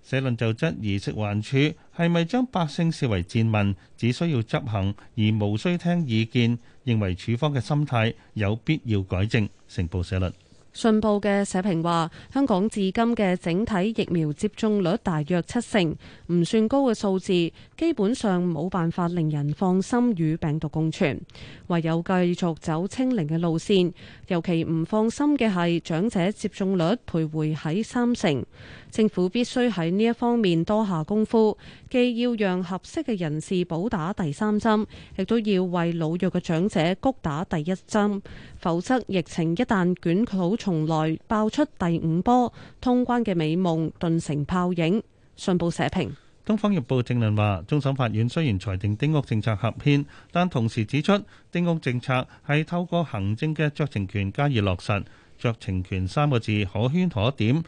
社論就質疑食環署係咪將百姓視為賤民，只需要執行而無需聽意見，認為處方嘅心態有必要改正。成報社論。信報嘅社評話，香港至今嘅整體疫苗接種率大約七成，唔算高嘅數字，基本上冇辦法令人放心與病毒共存，唯有繼續走清零嘅路線。尤其唔放心嘅係長者接種率徘徊喺三成。政府必須喺呢一方面多下功夫，既要讓合適嘅人士補打第三針，亦都要為老弱嘅長者谷打第一針。否則，疫情一旦捲土重來，爆出第五波，通關嘅美夢頓成泡影。信報社評，《東方日報》正論話，終審法院雖然裁定丁屋政策合憲，但同時指出丁屋政策係透過行政嘅酌情權加以落實，酌情權三個字可圈可點。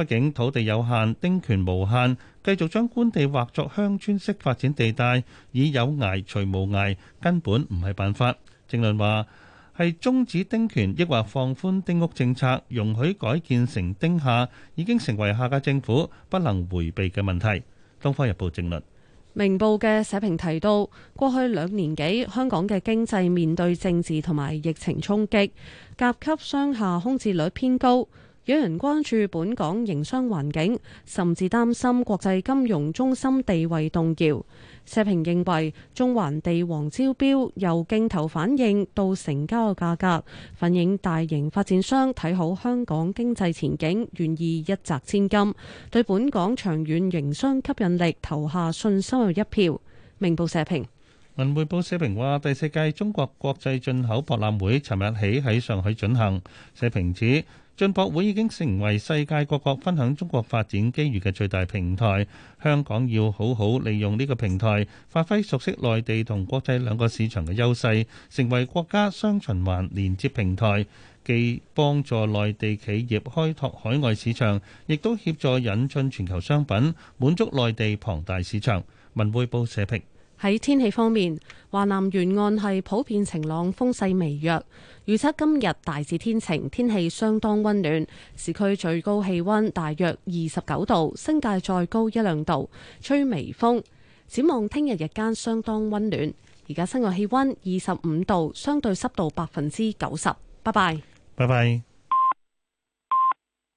畢竟土地有限，丁權無限，繼續將官地劃作鄉村式發展地帶，以有涯除無涯，根本唔係辦法。政論話係終止丁權，抑或放寬丁屋政策，容許改建成丁下，已經成為下屆政府不能迴避嘅問題。《東方日報》政論。明報嘅社評提到，過去兩年幾香港嘅經濟面對政治同埋疫情衝擊，甲級商廈空置率偏高。有人關注本港營商環境，甚至擔心國際金融中心地位動搖。社評認為，中環地王招標由競投反應到成交嘅價格，反映大型發展商睇好香港經濟前景，願意一擲千金，對本港長遠營商吸引力投下信心嘅一票。明報社評，文匯報社評話，第四屆中國國際進口博覽會尋日起喺上海進行。社評指。進博會已經成為世界各國分享中國發展機遇嘅最大平台，香港要好好利用呢個平台，發揮熟悉內地同國際兩個市場嘅優勢，成為國家雙循環連接平台，既幫助內地企業開拓海外市場，亦都協助引進全球商品，滿足內地龐大市場。文匯報社評。喺天氣方面，華南沿岸係普遍晴朗，風勢微弱。預測今日大致天晴，天氣相當溫暖，市區最高氣溫大約二十九度，新界再高一兩度，吹微風。展望聽日日間相當溫暖，而家室外氣溫二十五度，相對濕度百分之九十。拜拜，拜拜。